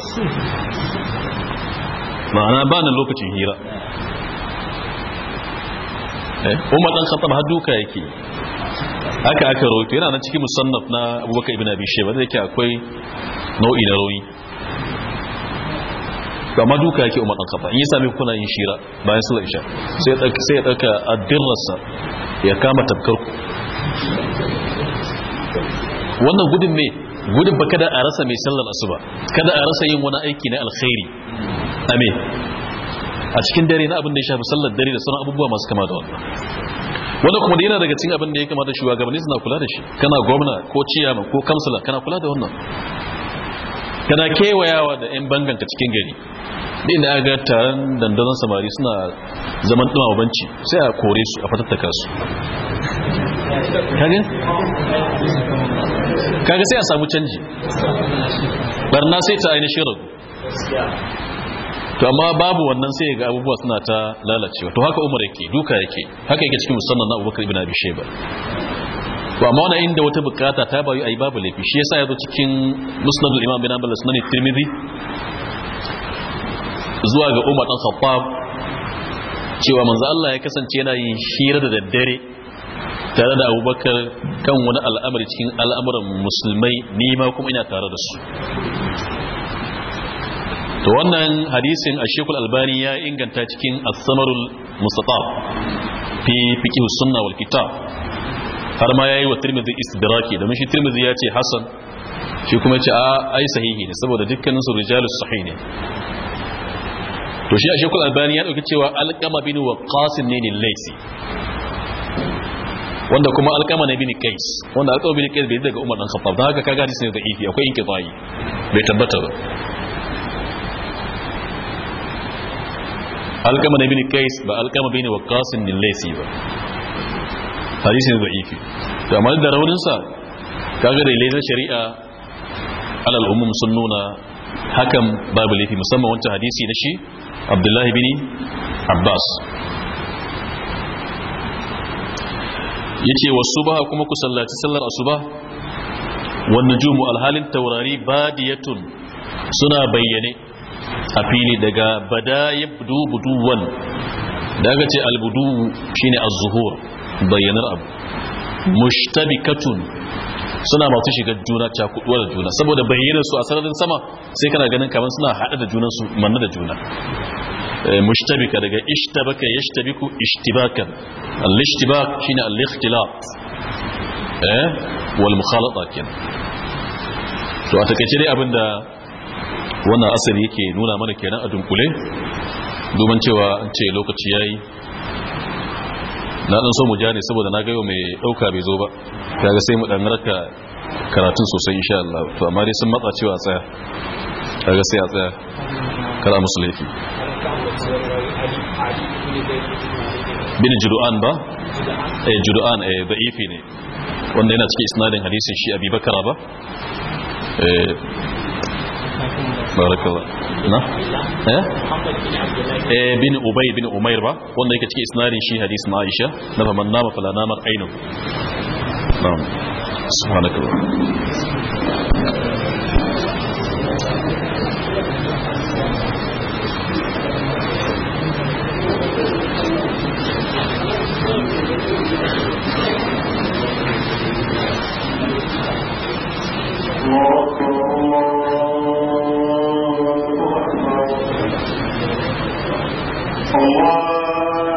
ma'ana ba na lokacin hira eh, umar dan khattab har duka yake aka aka roƙe yana nan cikin musannaf na abubakar ibn abi shayba da yake akwai nau'i na rawi to amma duka yake umar dan kafa in ya sami kuna yin shira bayan sallar isha sai ya sai ya dauka ya kama tabkar ku wannan gudun me gudun ba kada a rasa mai sallar asuba kada a rasa yin wani aiki na alkhairi amin a cikin dare na abin da ya shafi sallar dare da sauran abubuwa masu kama da wannan wanda kuma yana daga cikin abin da ya kamata shugabanni suna kula da shi kana gwamna ko ciyama ko kamsala kana kula da wannan kana kewayawa da 'yan banganka cikin gari din da aga taron dandazon samari suna zaman ɗuma banci sai a kore su a fatattaka su kaga sai a samu canji barna sai ta ainihin shirin to amma babu wannan sai ga abubuwa suna ta lalacewa to haka umar yake duka yake haka yake cikin musamman na abubakar ibn abi ba wa amma wani inda wata bukata ta bayu a yi babu laifi shi yasa ya zo cikin musnadul imam bin abdullah sunan tirmidhi zuwa ga umar dan khattab cewa manzo Allah ya kasance yana yin hira da daddare tare da abubakar kan wani al'amari cikin al'amuran musulmai ni ma kuma ina tare da su to wannan hadisin a shekul albani ya inganta cikin as-samarul mustatab fi fiqh sunna wal kitab har ma yayi wa tirmidhi istidraki da shi tirmidhi ya ce hasan shi kuma ce a ai sahihi ne saboda dukkanin su rijalus sahih ne to shi a shekul albani ya dauki cewa alqama bin waqas ne ne laisi wanda kuma alqama ne bin qais wanda alqama bin qais bai daga umar dan khattab dan haka kaga hadisi ne da ifi akwai inqidai bai tabbata ba alqama ne bin qais ba alqama bin qasim ne laisi ba hadisi ne ba'ifi to amma da raunin sa kaga da ilai shari'a alal umum sun nuna hakan babu laifi musamman wancan hadisi na shi abdullahi bin abbas yace wasu ba kuma ku sallaci sallar asuba nujumu jumu alhalin taurari badiyatun suna bayyane a fili daga badayib dubuduwan daga ce albudu shine az-zuhur bayyanar abu mushtabikatun suna masu shiga juna cakuduwa da juna saboda bayyanar su a sararin sama sai kana ganin kamar suna haɗa da juna su manna da juna mushtabika daga ishtabaka yashtabiku ishtibakan al-ishtibak shine al-ikhtilat eh wal mukhalata kenan to a takeice dai abinda wannan asali yake nuna mana kenan a dunkule domin cewa an ce lokaci yayi na dan so mu ja ne saboda na ga yau mai dauka bai zo ba kaga sai mu dan raka karatun sosai insha Allah to amma dai sun matsa cewa tsaya kaga sai a tsaya kara musu laifi bin juru'an ba eh juru'an eh da'ifi ne wanda yana cikin isnadin hadisin shi Abi Bakara ba eh بارك الله na eh bin ubay bin umair ba wanda yake cikin isnadin shi hadisin aisha na faman nama fala nama ainun na'am subhanakallah Oh, Allah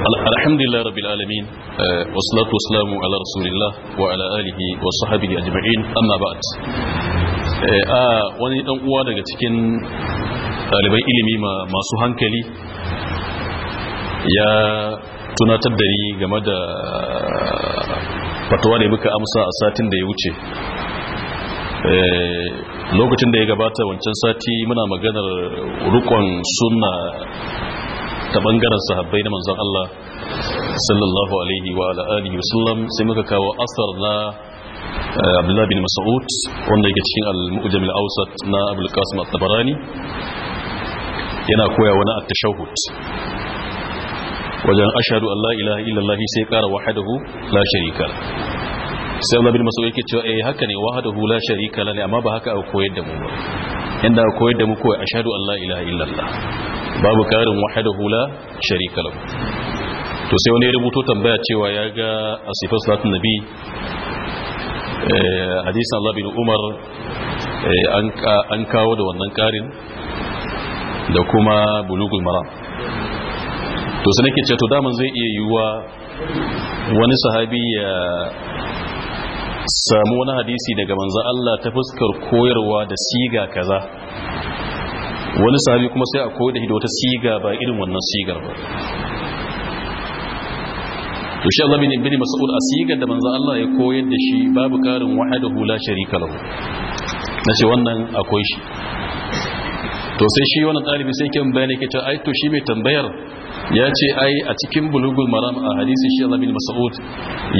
alhamdulillah rabbil alamin eh, wassalatu wassalamu ala rasulillah wa ala alihi wa sahbihi ajma'in amma ba'd eh, wani dan uwa daga cikin ɗaliban ilimi masu hankali ya tunatar da ni game da fatawa da muka amsa a satin da ya wuce eh, lokacin da ya gabata wancan sati muna maganar rukon sunna ta bangaren sahabbai na manzon Allah sallallahu alaihi wa alihi sai muka kawo asar na eh, Abdullah bin Mas'ud wanda yake cikin al-Mu'jam al-Awsat na Abdul Qasim at-Tabarani yana koya wani at-tashahhud wajen ashhadu an la ilaha illallah sai kara wahdahu la sharika sai Allah bin masu yake cewa eh haka ne wahdahu la sharika lahu amma ba haka a koyar da mu ba inda a koyar da mu ko ashhadu an la ilaha illallah babu karin wahdahu la sharika lahu to sai wani ya rubuto tambaya cewa ya ga asifar salatun nabi eh, hadisan Allah bin Umar eh, an kawo da wannan karin da kuma bulugul maram to sai nake ce to daman zai iya yiwa wani sahabi ya samu wani hadisi daga manzan Allah ta fuskar koyarwa da siga kaza wani sahabi kuma sai a koyar da wata siga ba irin wannan sigar ba to shi Allah bin ibn mas'ud a sigar da manzan Allah ya koyar da shi babu karin wahadahu la sharika lahu nace wannan akwai shi to sai shi wannan ɗalibi sai kyan bayani ke cewa aito shi mai tambayar ya ce ai a cikin bulugul maram a hadisi shi Allah bin Mas'ud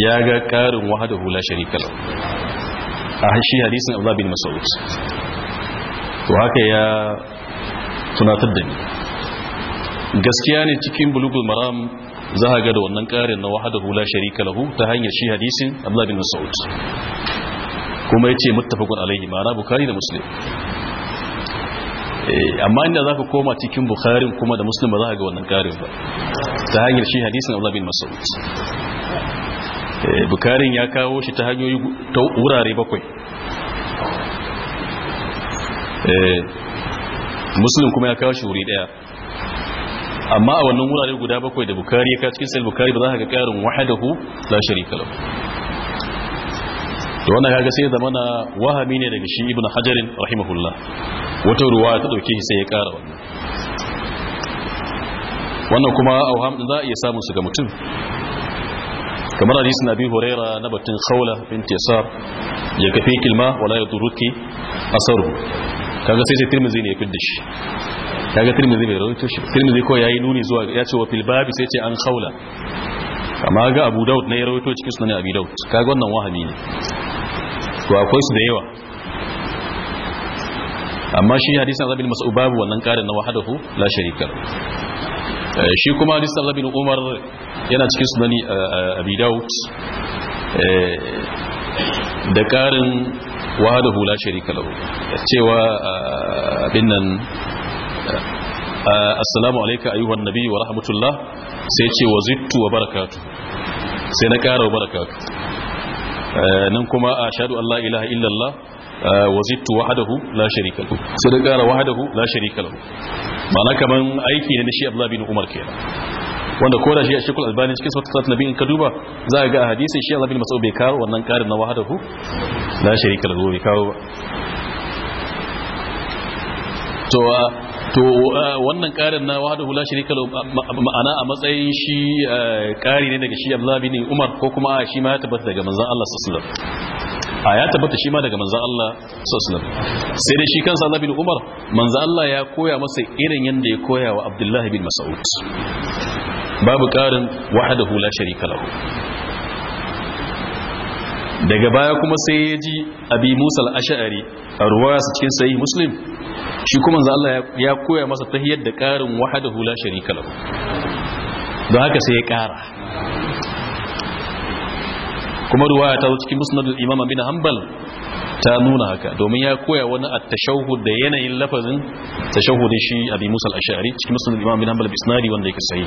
ya ga ƙarin wahada hula sharikal a shi hadisin Allah bin Mas'ud to haka ya tunatar da ni gaskiya ne cikin bulugul maram za a ga da wannan ƙarin na wahada hula sharikal lahu ta hanyar shi hadisin Allah bin Mas'ud kuma ya ce muttafaqun alaihi ma'ana Bukhari da Muslim Eh, amma inda za ka koma cikin bukharin kuma da muslim ba za ka ga wannan karin ba ta hanyar shi hadisun abu bin masaud eh, bukarin ya kawo shi ta hanyoyi ta wurare bakwai eh, muslim kuma ya kawo shi wuri daya amma a wannan wurare guda bakwai da bukari ya kawo cikin sai bukari ba za ka ga karin wahadahu la sharika lahu da wannan kaga sai na wahami ne daga shi ibn hajarin rahimahullah wata ruwa ta dauke shi sai ya kara wannan wannan kuma auham din za a iya samun su ga mutum kamar hadisin abi huraira na batun khawla bint yasar ya kafi kilma wala yaduruki asaru kaga sai sai tirmizi ne ya fidda shi kaga tirmizi bai rawaito shi tirmizi ko yayi nuni zuwa ya ce wa fil babi sai ce an khawla amma ga abu daud ne ya rawaito cikin sunan abi daud kaga wannan wahami ne to akwai su da yawa amma shi hadisan rabin masu babu wannan karin na wahadahu la sharika eh, shi kuma hadisan rabin umar yana cikin sunani eh, eh, abi daud da karin wahadahu la sharika lahu cewa abin nan assalamu alayka ayyuhan nabi wa rahmatullah sai ce wa zittu wa barakatu sai na kara wa barakatu. Eh, nan kuma a shaɗu Allah ilaha illallah eh, wa zittu wahadahu la sharika lahu sai dan ƙara wahadahu la sharika lahu Mana kaman aiki ne na shi Abdullah bin Umar kenan wanda ko da shi a shekul albani cikin sautar salat nabi in ka duba za a ga a hadisi shi Allah bin Mas'ud bai kawo wannan ƙarin na wahadahu la sharika lahu bai kawo ba to to uh, wannan karin na wahdahu la sharika kalo ma'ana a matsayin shi kari uh, ne daga shi Abdullahi bin Umar ko kuma shi ma ya tabbata daga manzon Allah sallallahu alaihi wasallam a ya tabbata shi ma daga manzon Allah sallallahu alaihi wasallam sai dai shi kansa Abdullah bin Umar manzon Allah ya koya masa irin yanda ya koya wa Abdullahi bin Mas'ud babu karin wahada hula sharika kalo. daga baya kuma sai ya ji abi musal ash'ari a su cikin sayi muslim shi kuma za Allah ya koya masa ta hiyar da karin wahada hula sharika lahu don haka sai ya ƙara kuma ruwaya ta cikin musnadul imam bin hanbal ta nuna haka domin ya koya wani a tashahud da yanayin lafazin da shi abi musal ash'ari cikin musulun imam bin hanbal bisnari wanda yake sayi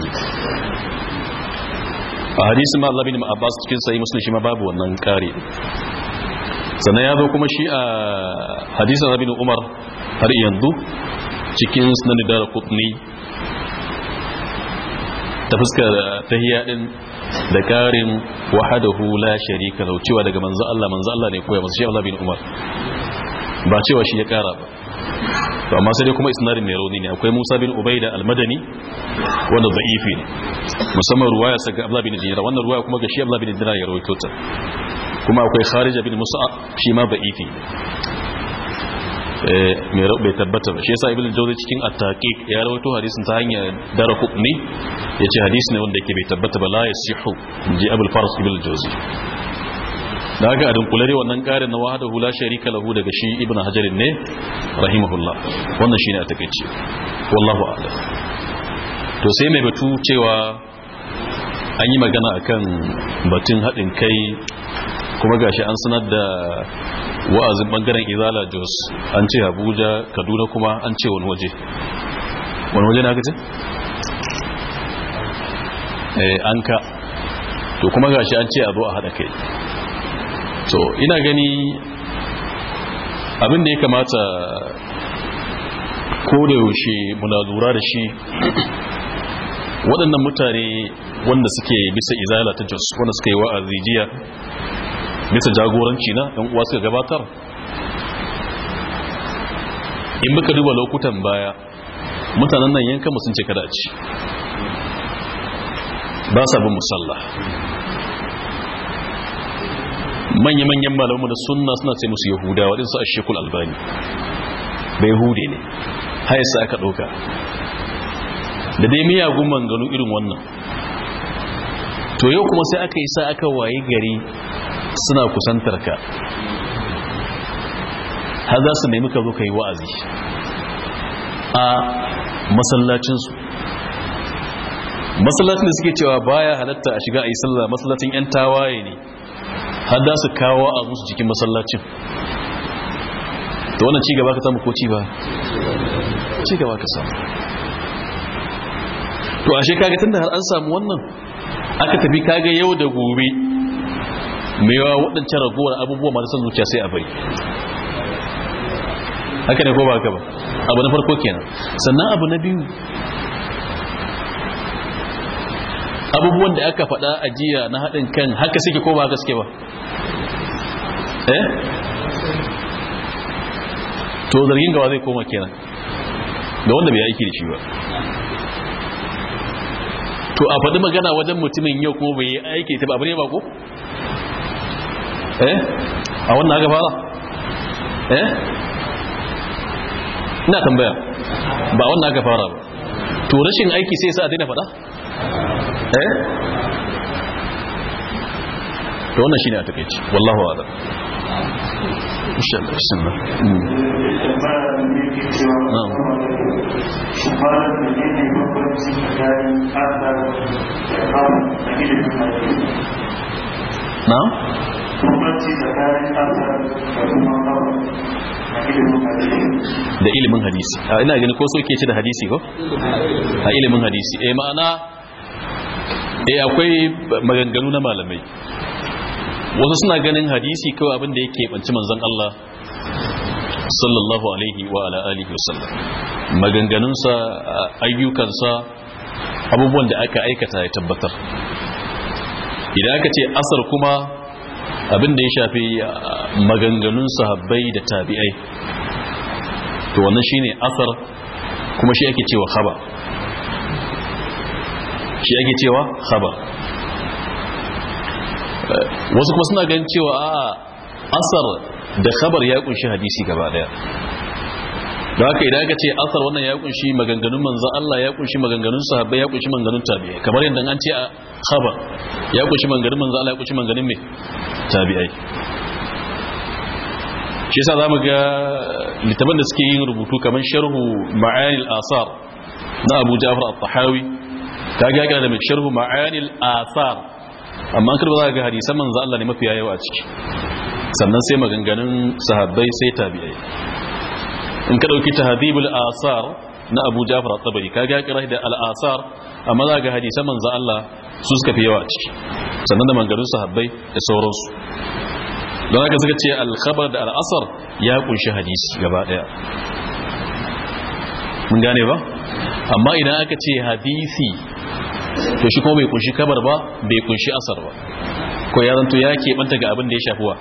a hadisin ma Allah bin Abbas cikin sai muslim ma babu wannan kare sannan ya zo kuma shi a hadisin Abin Umar har yanzu cikin sunan da Qutni ta fuskar ta din da karin wahadahu la sharika lahu cewa daga manzo Allah manzo Allah ne koya masu shi Allah bin Umar ba cewa shi ya kara ba to amma sai dai kuma isnadin mai rauni ne akwai Musa bin Ubaida al-Madani wanda da'ifi ne musamman ruwaya saka Abdullah bin Dinar wannan ruwaya kuma ga shi Abdullah bin Dinar ya rawaito ta kuma akwai Kharija bin Musa shi ma da'ifi eh mai rauni bai tabbata ba shi yasa Ibn Jawzi cikin at-taqiq ya rawaito hadisin ta hanyar Daraqutni yace hadisi ne wanda yake bai tabbata ba la yasihu ji Abul Faras Ibn Jawzi da haka a dunkulare wannan karin na wahada hula sharika lahu daga shi ibn hajarin ne rahimahullah wannan shine a takaice wallahu a'lam to sai mai batu cewa an yi magana akan batun haɗin kai kuma gashi an sanar da wa'azin bangaren izala jos an ce abuja kaduna kuma an ce wani waje wani waje na gaji? Eh, an ka to kuma gashi an ce a zo a haɗa kai to ina gani abin da ya kamata ko da yaushe muna lura da shi waɗannan mutane wanda suke bisa izala ta jos wanda suka yi wa azijiya bisa jagoranci na ɗan uwa suka gabatar in muka duba lokutan baya mutanen nan yankan sun ce kada ci ba sa bin musalla manya-manyan malamu da sunna suna ce musu yahuda din a shekul albani bai hude ne haisa aka ɗauka da dai miyagun manganu irin wannan to yau kuma sai aka yi sa aka waye gari suna kusantar ka har za su nemi ka zo ka yi wa'azi a masallacinsu masallacin da suke cewa baya halatta a shiga a yi sallah masallacin 'yan tawaye ne har da su kawo a musu cikin masallacin da wannan cigaba ka samu ko ci ba cigaba ka samu to ashe kaga tunda har an samu wannan aka tafi kaga yau da gobe mai yawa waɗancan ragowar abubuwa masu san zuciya sai a bari haka ne ko ba ka ba abu na farko kenan sannan abu na biyu abubuwan da aka faɗa a jiya na haɗin kan haka suke ko ba gaske ba eh to zargin gawa zai koma kenan da wanda bai aiki da shi ba to a faɗi magana wajen mutumin yau kuma bai aiki ta ba abu ne ba ko eh a wannan aka fara eh ina tambaya ba wannan aka fara ba to rashin aiki sai sa a daina faɗa eh to wannan shine a takeici insha Allah sunna hmm. ilimin hadisi ina gani ko so ke da hadisi ko a ilimin hadisi eh ma'ana eh akwai maganganu na malamai wasu suna ganin hadisi kawai abin ya yake banci manzon Allah sallallahu alaihi wa ala wasallam maganganunsa ayyukansa abubuwan da aka aikata ya tabbatar idan aka ce asar kuma abin da ya shafi ah, maganganun sahabbai da tabi'ai to wannan shine asar kuma shi ake cewa khabar shi ake cewa khabar eh, wasu kuma suna ganin cewa a asar da khabar ya kunshi hadisi gaba daya da haka idan aka ce asar wannan ya kunshi maganganun manzan Allah ya kunshi maganganun sahabbai ya kunshi maganganun tabi'ai kamar yadda an ce a khabar ya kunshi maganganun manzan Allah ya kunshi maganganun mai tabi'ai shi yasa zamu ga littafan da suke yin rubutu kamar sharhu ma'anil asar na Abu Ja'far al-Tahawi ta ga yana da mai sharhu ma'anil asar amma an karɓar za ga hadisan manzo Allah ne mafi yawa a ciki sannan sai maganganun sahabbai sai tabi'ai in ka dauki tahdhibul asar na Abu Ja'far at-Tabari ka ga kira da al-asar amma za ga hadisan manzo Allah su suka fi yawa a ciki sannan da maganganun sahabbai da sauransu don haka suka ce al-khabar da al ya kunshi hadisi gaba daya mun gane ba amma idan aka ce hadisi to shi kuma bai kunshi kabar ba bai kunshi asar ba ko ya zanto ya ke banta ga abin da ya shafi wa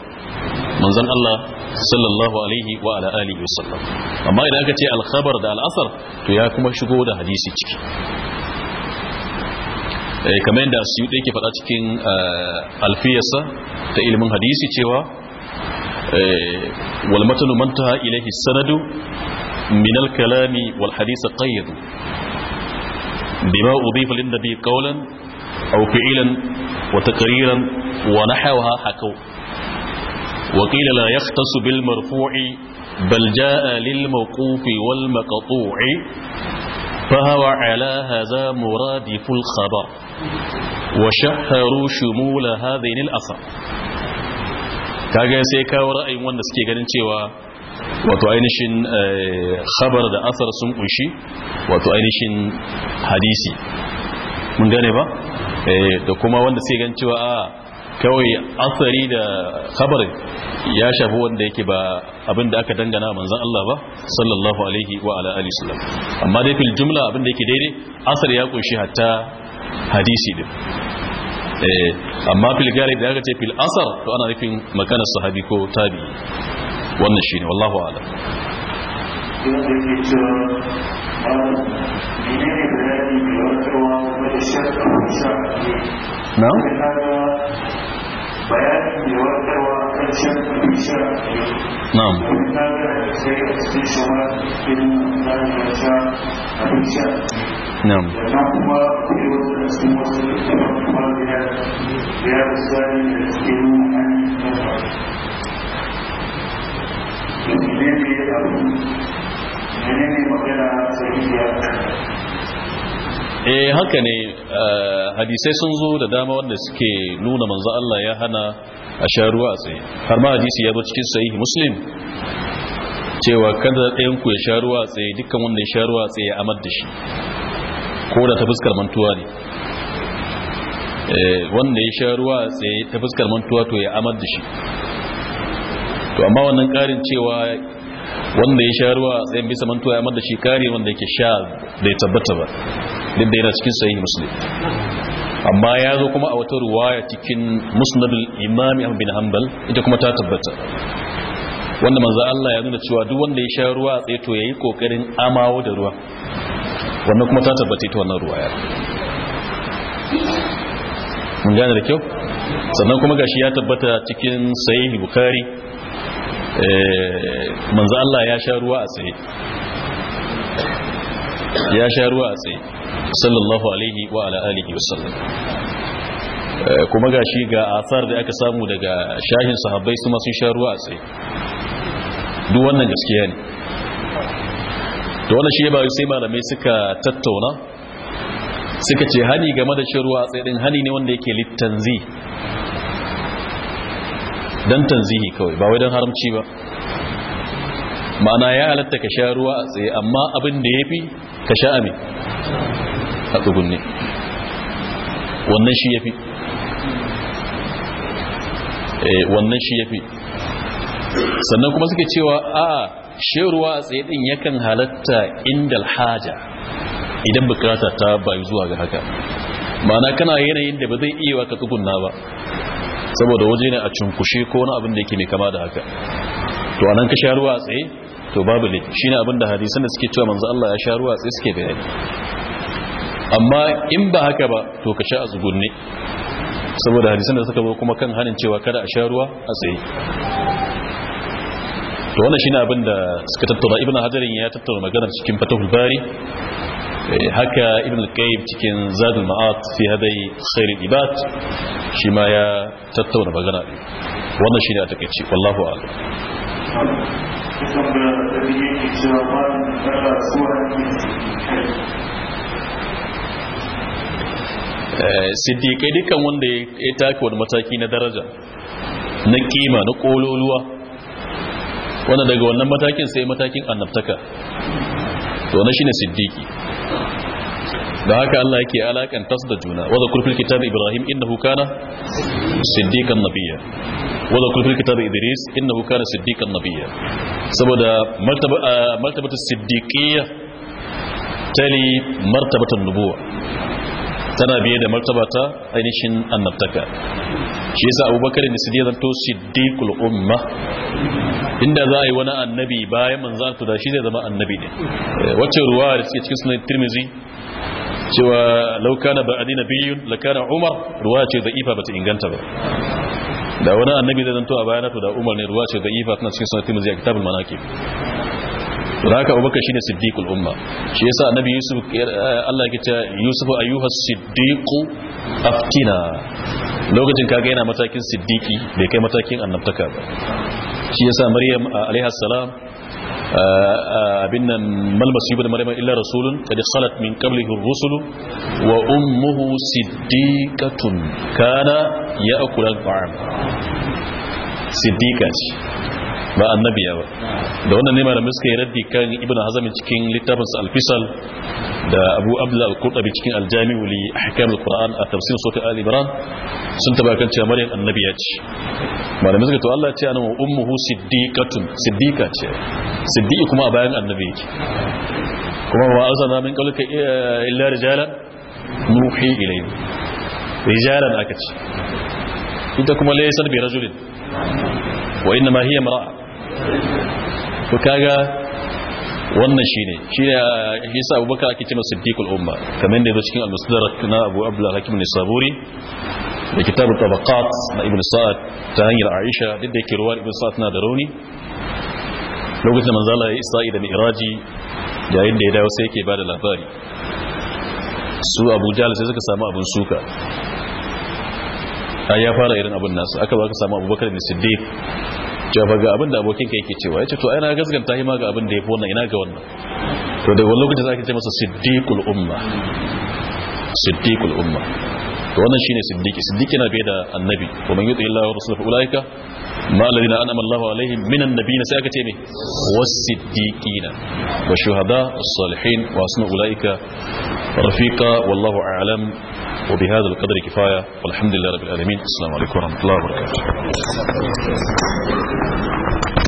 manzon Allah sallallahu alaihi wa ala alihi wasallam amma idan aka ce al da Alasar to ya kuma shigo da hadisi ciki eh, kamar da su yake faɗa cikin eh, alfiyarsa ta ilmin hadisi cewa eh, wal matanu mantaha ilayhi sanadu min al-kalami wal hadisi qayyid بما أضيف للنبي قولا أو فعلا وتقريرا ونحوها حكوا وقيل لا يختص بالمرفوع بل جاء للموقوف والمقطوع فهو على هذا مرادف الخبر وشهروا شمول هذين الأثر kaga sai kawo ra'ayin wanda suke ganin cewa wato ainihin eh, khabar da asar sun kunshi wato ainihin hadisi mun gane ba eh, da kuma wanda sai gan cewa a ah, kawai asari da khabar ya shafi wanda yake ba abin da aka dangana manzon Allah ba sallallahu alaihi wa ala alihi sallam amma dai fil jumla abin da yake daidai asar ya kunshi hatta hadisi din eh, amma fil gari da aka ce fil asar to ana nufin makana sahabi ko tabi'i wannan shine wallahu a'lam na نعم نعم shi ne ne abu ne ne magana eh haka ne eh, hadisai sun zo da dama wanda suke nuna manzo Allah ya hana a sha ruwa a tsaye har ma hadisi ya zo cikin sahihi muslim cewa kada ɗayan ku ya sha ruwa a tsaye dukkan wanda ya sha ruwa a tsaye ya amar da shi ko da ta fuskar mantuwa ne eh, wanda ya sha ruwa tsaye ta fuskar mantuwa to ya amar da shi to amma wannan karin cewa wanda ya sha ruwa tsayin bisa mantuwa ya mada shi kare wanda yake sha da ya tabbata ba duk da yana cikin sayi muslim amma ya zo kuma a wata ruwaya cikin musnadul imami bin hanbal ita kuma ta tabbata wanda manzo Allah ya nuna cewa duk wanda ya sha ruwa tsaye to yayi kokarin amawo da ruwa wannan kuma ta tabbata ita wannan ruwaya mun gane da kyau sannan kuma gashi ya tabbata cikin sahih bukhari Eh, manzo Allah ya sha ruwa a tsaye ya sha ruwa a tsaye sallallahu alaihi wa ala alihi wasallam eh, kuma gashi ga asar da aka samu daga shahin sahabbai su ma sun sha ruwa a tsaye duk wannan gaskiya ne da wannan shi ba sai malamai suka tattauna suka ce hani game da shan ruwa a tsaye din hani ne wanda yake littanzi Dan tanzihi kawai ba wai don haramci ba ma'ana ya halatta ka sha ruwa a tsaye amma abin da ya fi ka sha ame a tsugunne wannan shi ya fi eh, wannan shi ya sannan kuma suke cewa a sha ruwa a tsaye din yakan halatta indal haja idan bukata ta bayu zuwa ga haka ma'ana kana yanayin da ba zai iya wa ka tsugunna ba saboda waje ne a cunkushe ko wani abin da yake mai kama da haka to anan ka sha ruwa a tsaye to babu ne shine abin da hadisan da suke cewa manzo Allah ya sha ruwa a tsaye suke bayani amma in ba haka ba to ka sha a saboda hadisan da suka zo kuma kan hanin cewa kada a sha ruwa a tsaye to wannan shine abin da suka tattauna ibnu hajarin ya tattauna maganar cikin fatahul bari Eh, haka ibn al-qayyim cikin zadul ma'at fi hadai al ibad shi ma ya tattauna magana ne wannan shine a takeice wallahu a'lam eh, siddiƙai dukkan wanda ya taka wani mataki na daraja na kima na ƙololuwa wanda daga wannan matakin sai matakin annabtaka to na shine siddiƙi da haka Allah yake alakan tas da juna wadda kurfil kitab ibrahim innahu kana siddiqan nabiyya wadda kurfil kitab idris innahu kana siddiqan nabiyya saboda martaba martabatu siddiqiyya tali martabatu nubuwa tana biye da martabata ainihin annabtaka shi yasa abubakar da siddiq zanto siddiqul umma inda za a yi wani annabi bayan manzan to da shi zai zama annabi ne eh, wacce ruwa da suke cikin sunan tirmizi cewa laukana ba adina biyun lakana umar ruwa ce da ifa ba ta inganta ba da wani annabi zai zanto a bayana to da umar ne ruwa ce da ifa tana cikin sunan timuzi a kitabul manaki da haka abubakar shine siddiqul umma shi yasa annabi yusuf Allah ya ce yusuf ayyuha siddiqu aftina lokacin kaga yana matakin siddiqi bai kai matakin annabtaka ba shi yasa maryam alaiha salam abin nan malmasu ibn maryam illa rasulun qad salat min qablihi ar-rusul wa ummuhu siddiqatun kana ya al-ta'am siddiqa ba annabiya ba da wannan ne malamin suka yi raddi kan ibn hazami cikin littafin sa al-fisal da abu abla al-qurtubi cikin al-jami'u li ahkam al-qur'an a tafsir sura al ibran sun taba kan cewa maryam annabiya ce malamin suka to Allah ya ce ana ummuhu siddiqatun siddiqa ce siddiqi kuma bayan annabi yake kuma ba azana min qaulika illa rijalan nuhi ilayhi rijalan aka ce ita kuma laysa bi rajulin وإنما هي امرأة to kaga wannan eh, shi shi ne, ne shine Isa Abubakar ake cewa Siddiqul Umma kamar da yazo cikin Al-Mustadrak na Abu Abdullah Hakim Nisaburi da kitabut Tabaqat na Ibn Sa'ad ta hanyar Aisha duk da yake ruwar Ibn Sa'ad na da rauni lokacin da manzala ya isa da Mi'raji yayin da ya dawo sai yake bada labari su Abu Jahl sai suka samu abun suka ya fara irin abun nasu aka ba ka samu abubakar da siddiq cewa ga abin da abokin ka yake cewa yace to ai na gaskanta shi ma ga abin da yafi wannan ina ga wannan to daga wannan lokacin zaka ce masa siddiqul umma siddiqul umma to wannan shine siddiqi siddiqi na bai da annabi wa man yuti illahi wa fa ulaika ma alladhina an'ama Allahu alaihim minan nabiyina sai aka ce me was-siddiqina wa shuhada was-salihin wa asna ulaika rafiqa wallahu a'lam wa bi hadha al-qadri kifaya walhamdulillahi rabbil alamin assalamu alaikum wa rahmatullahi wa barakatuh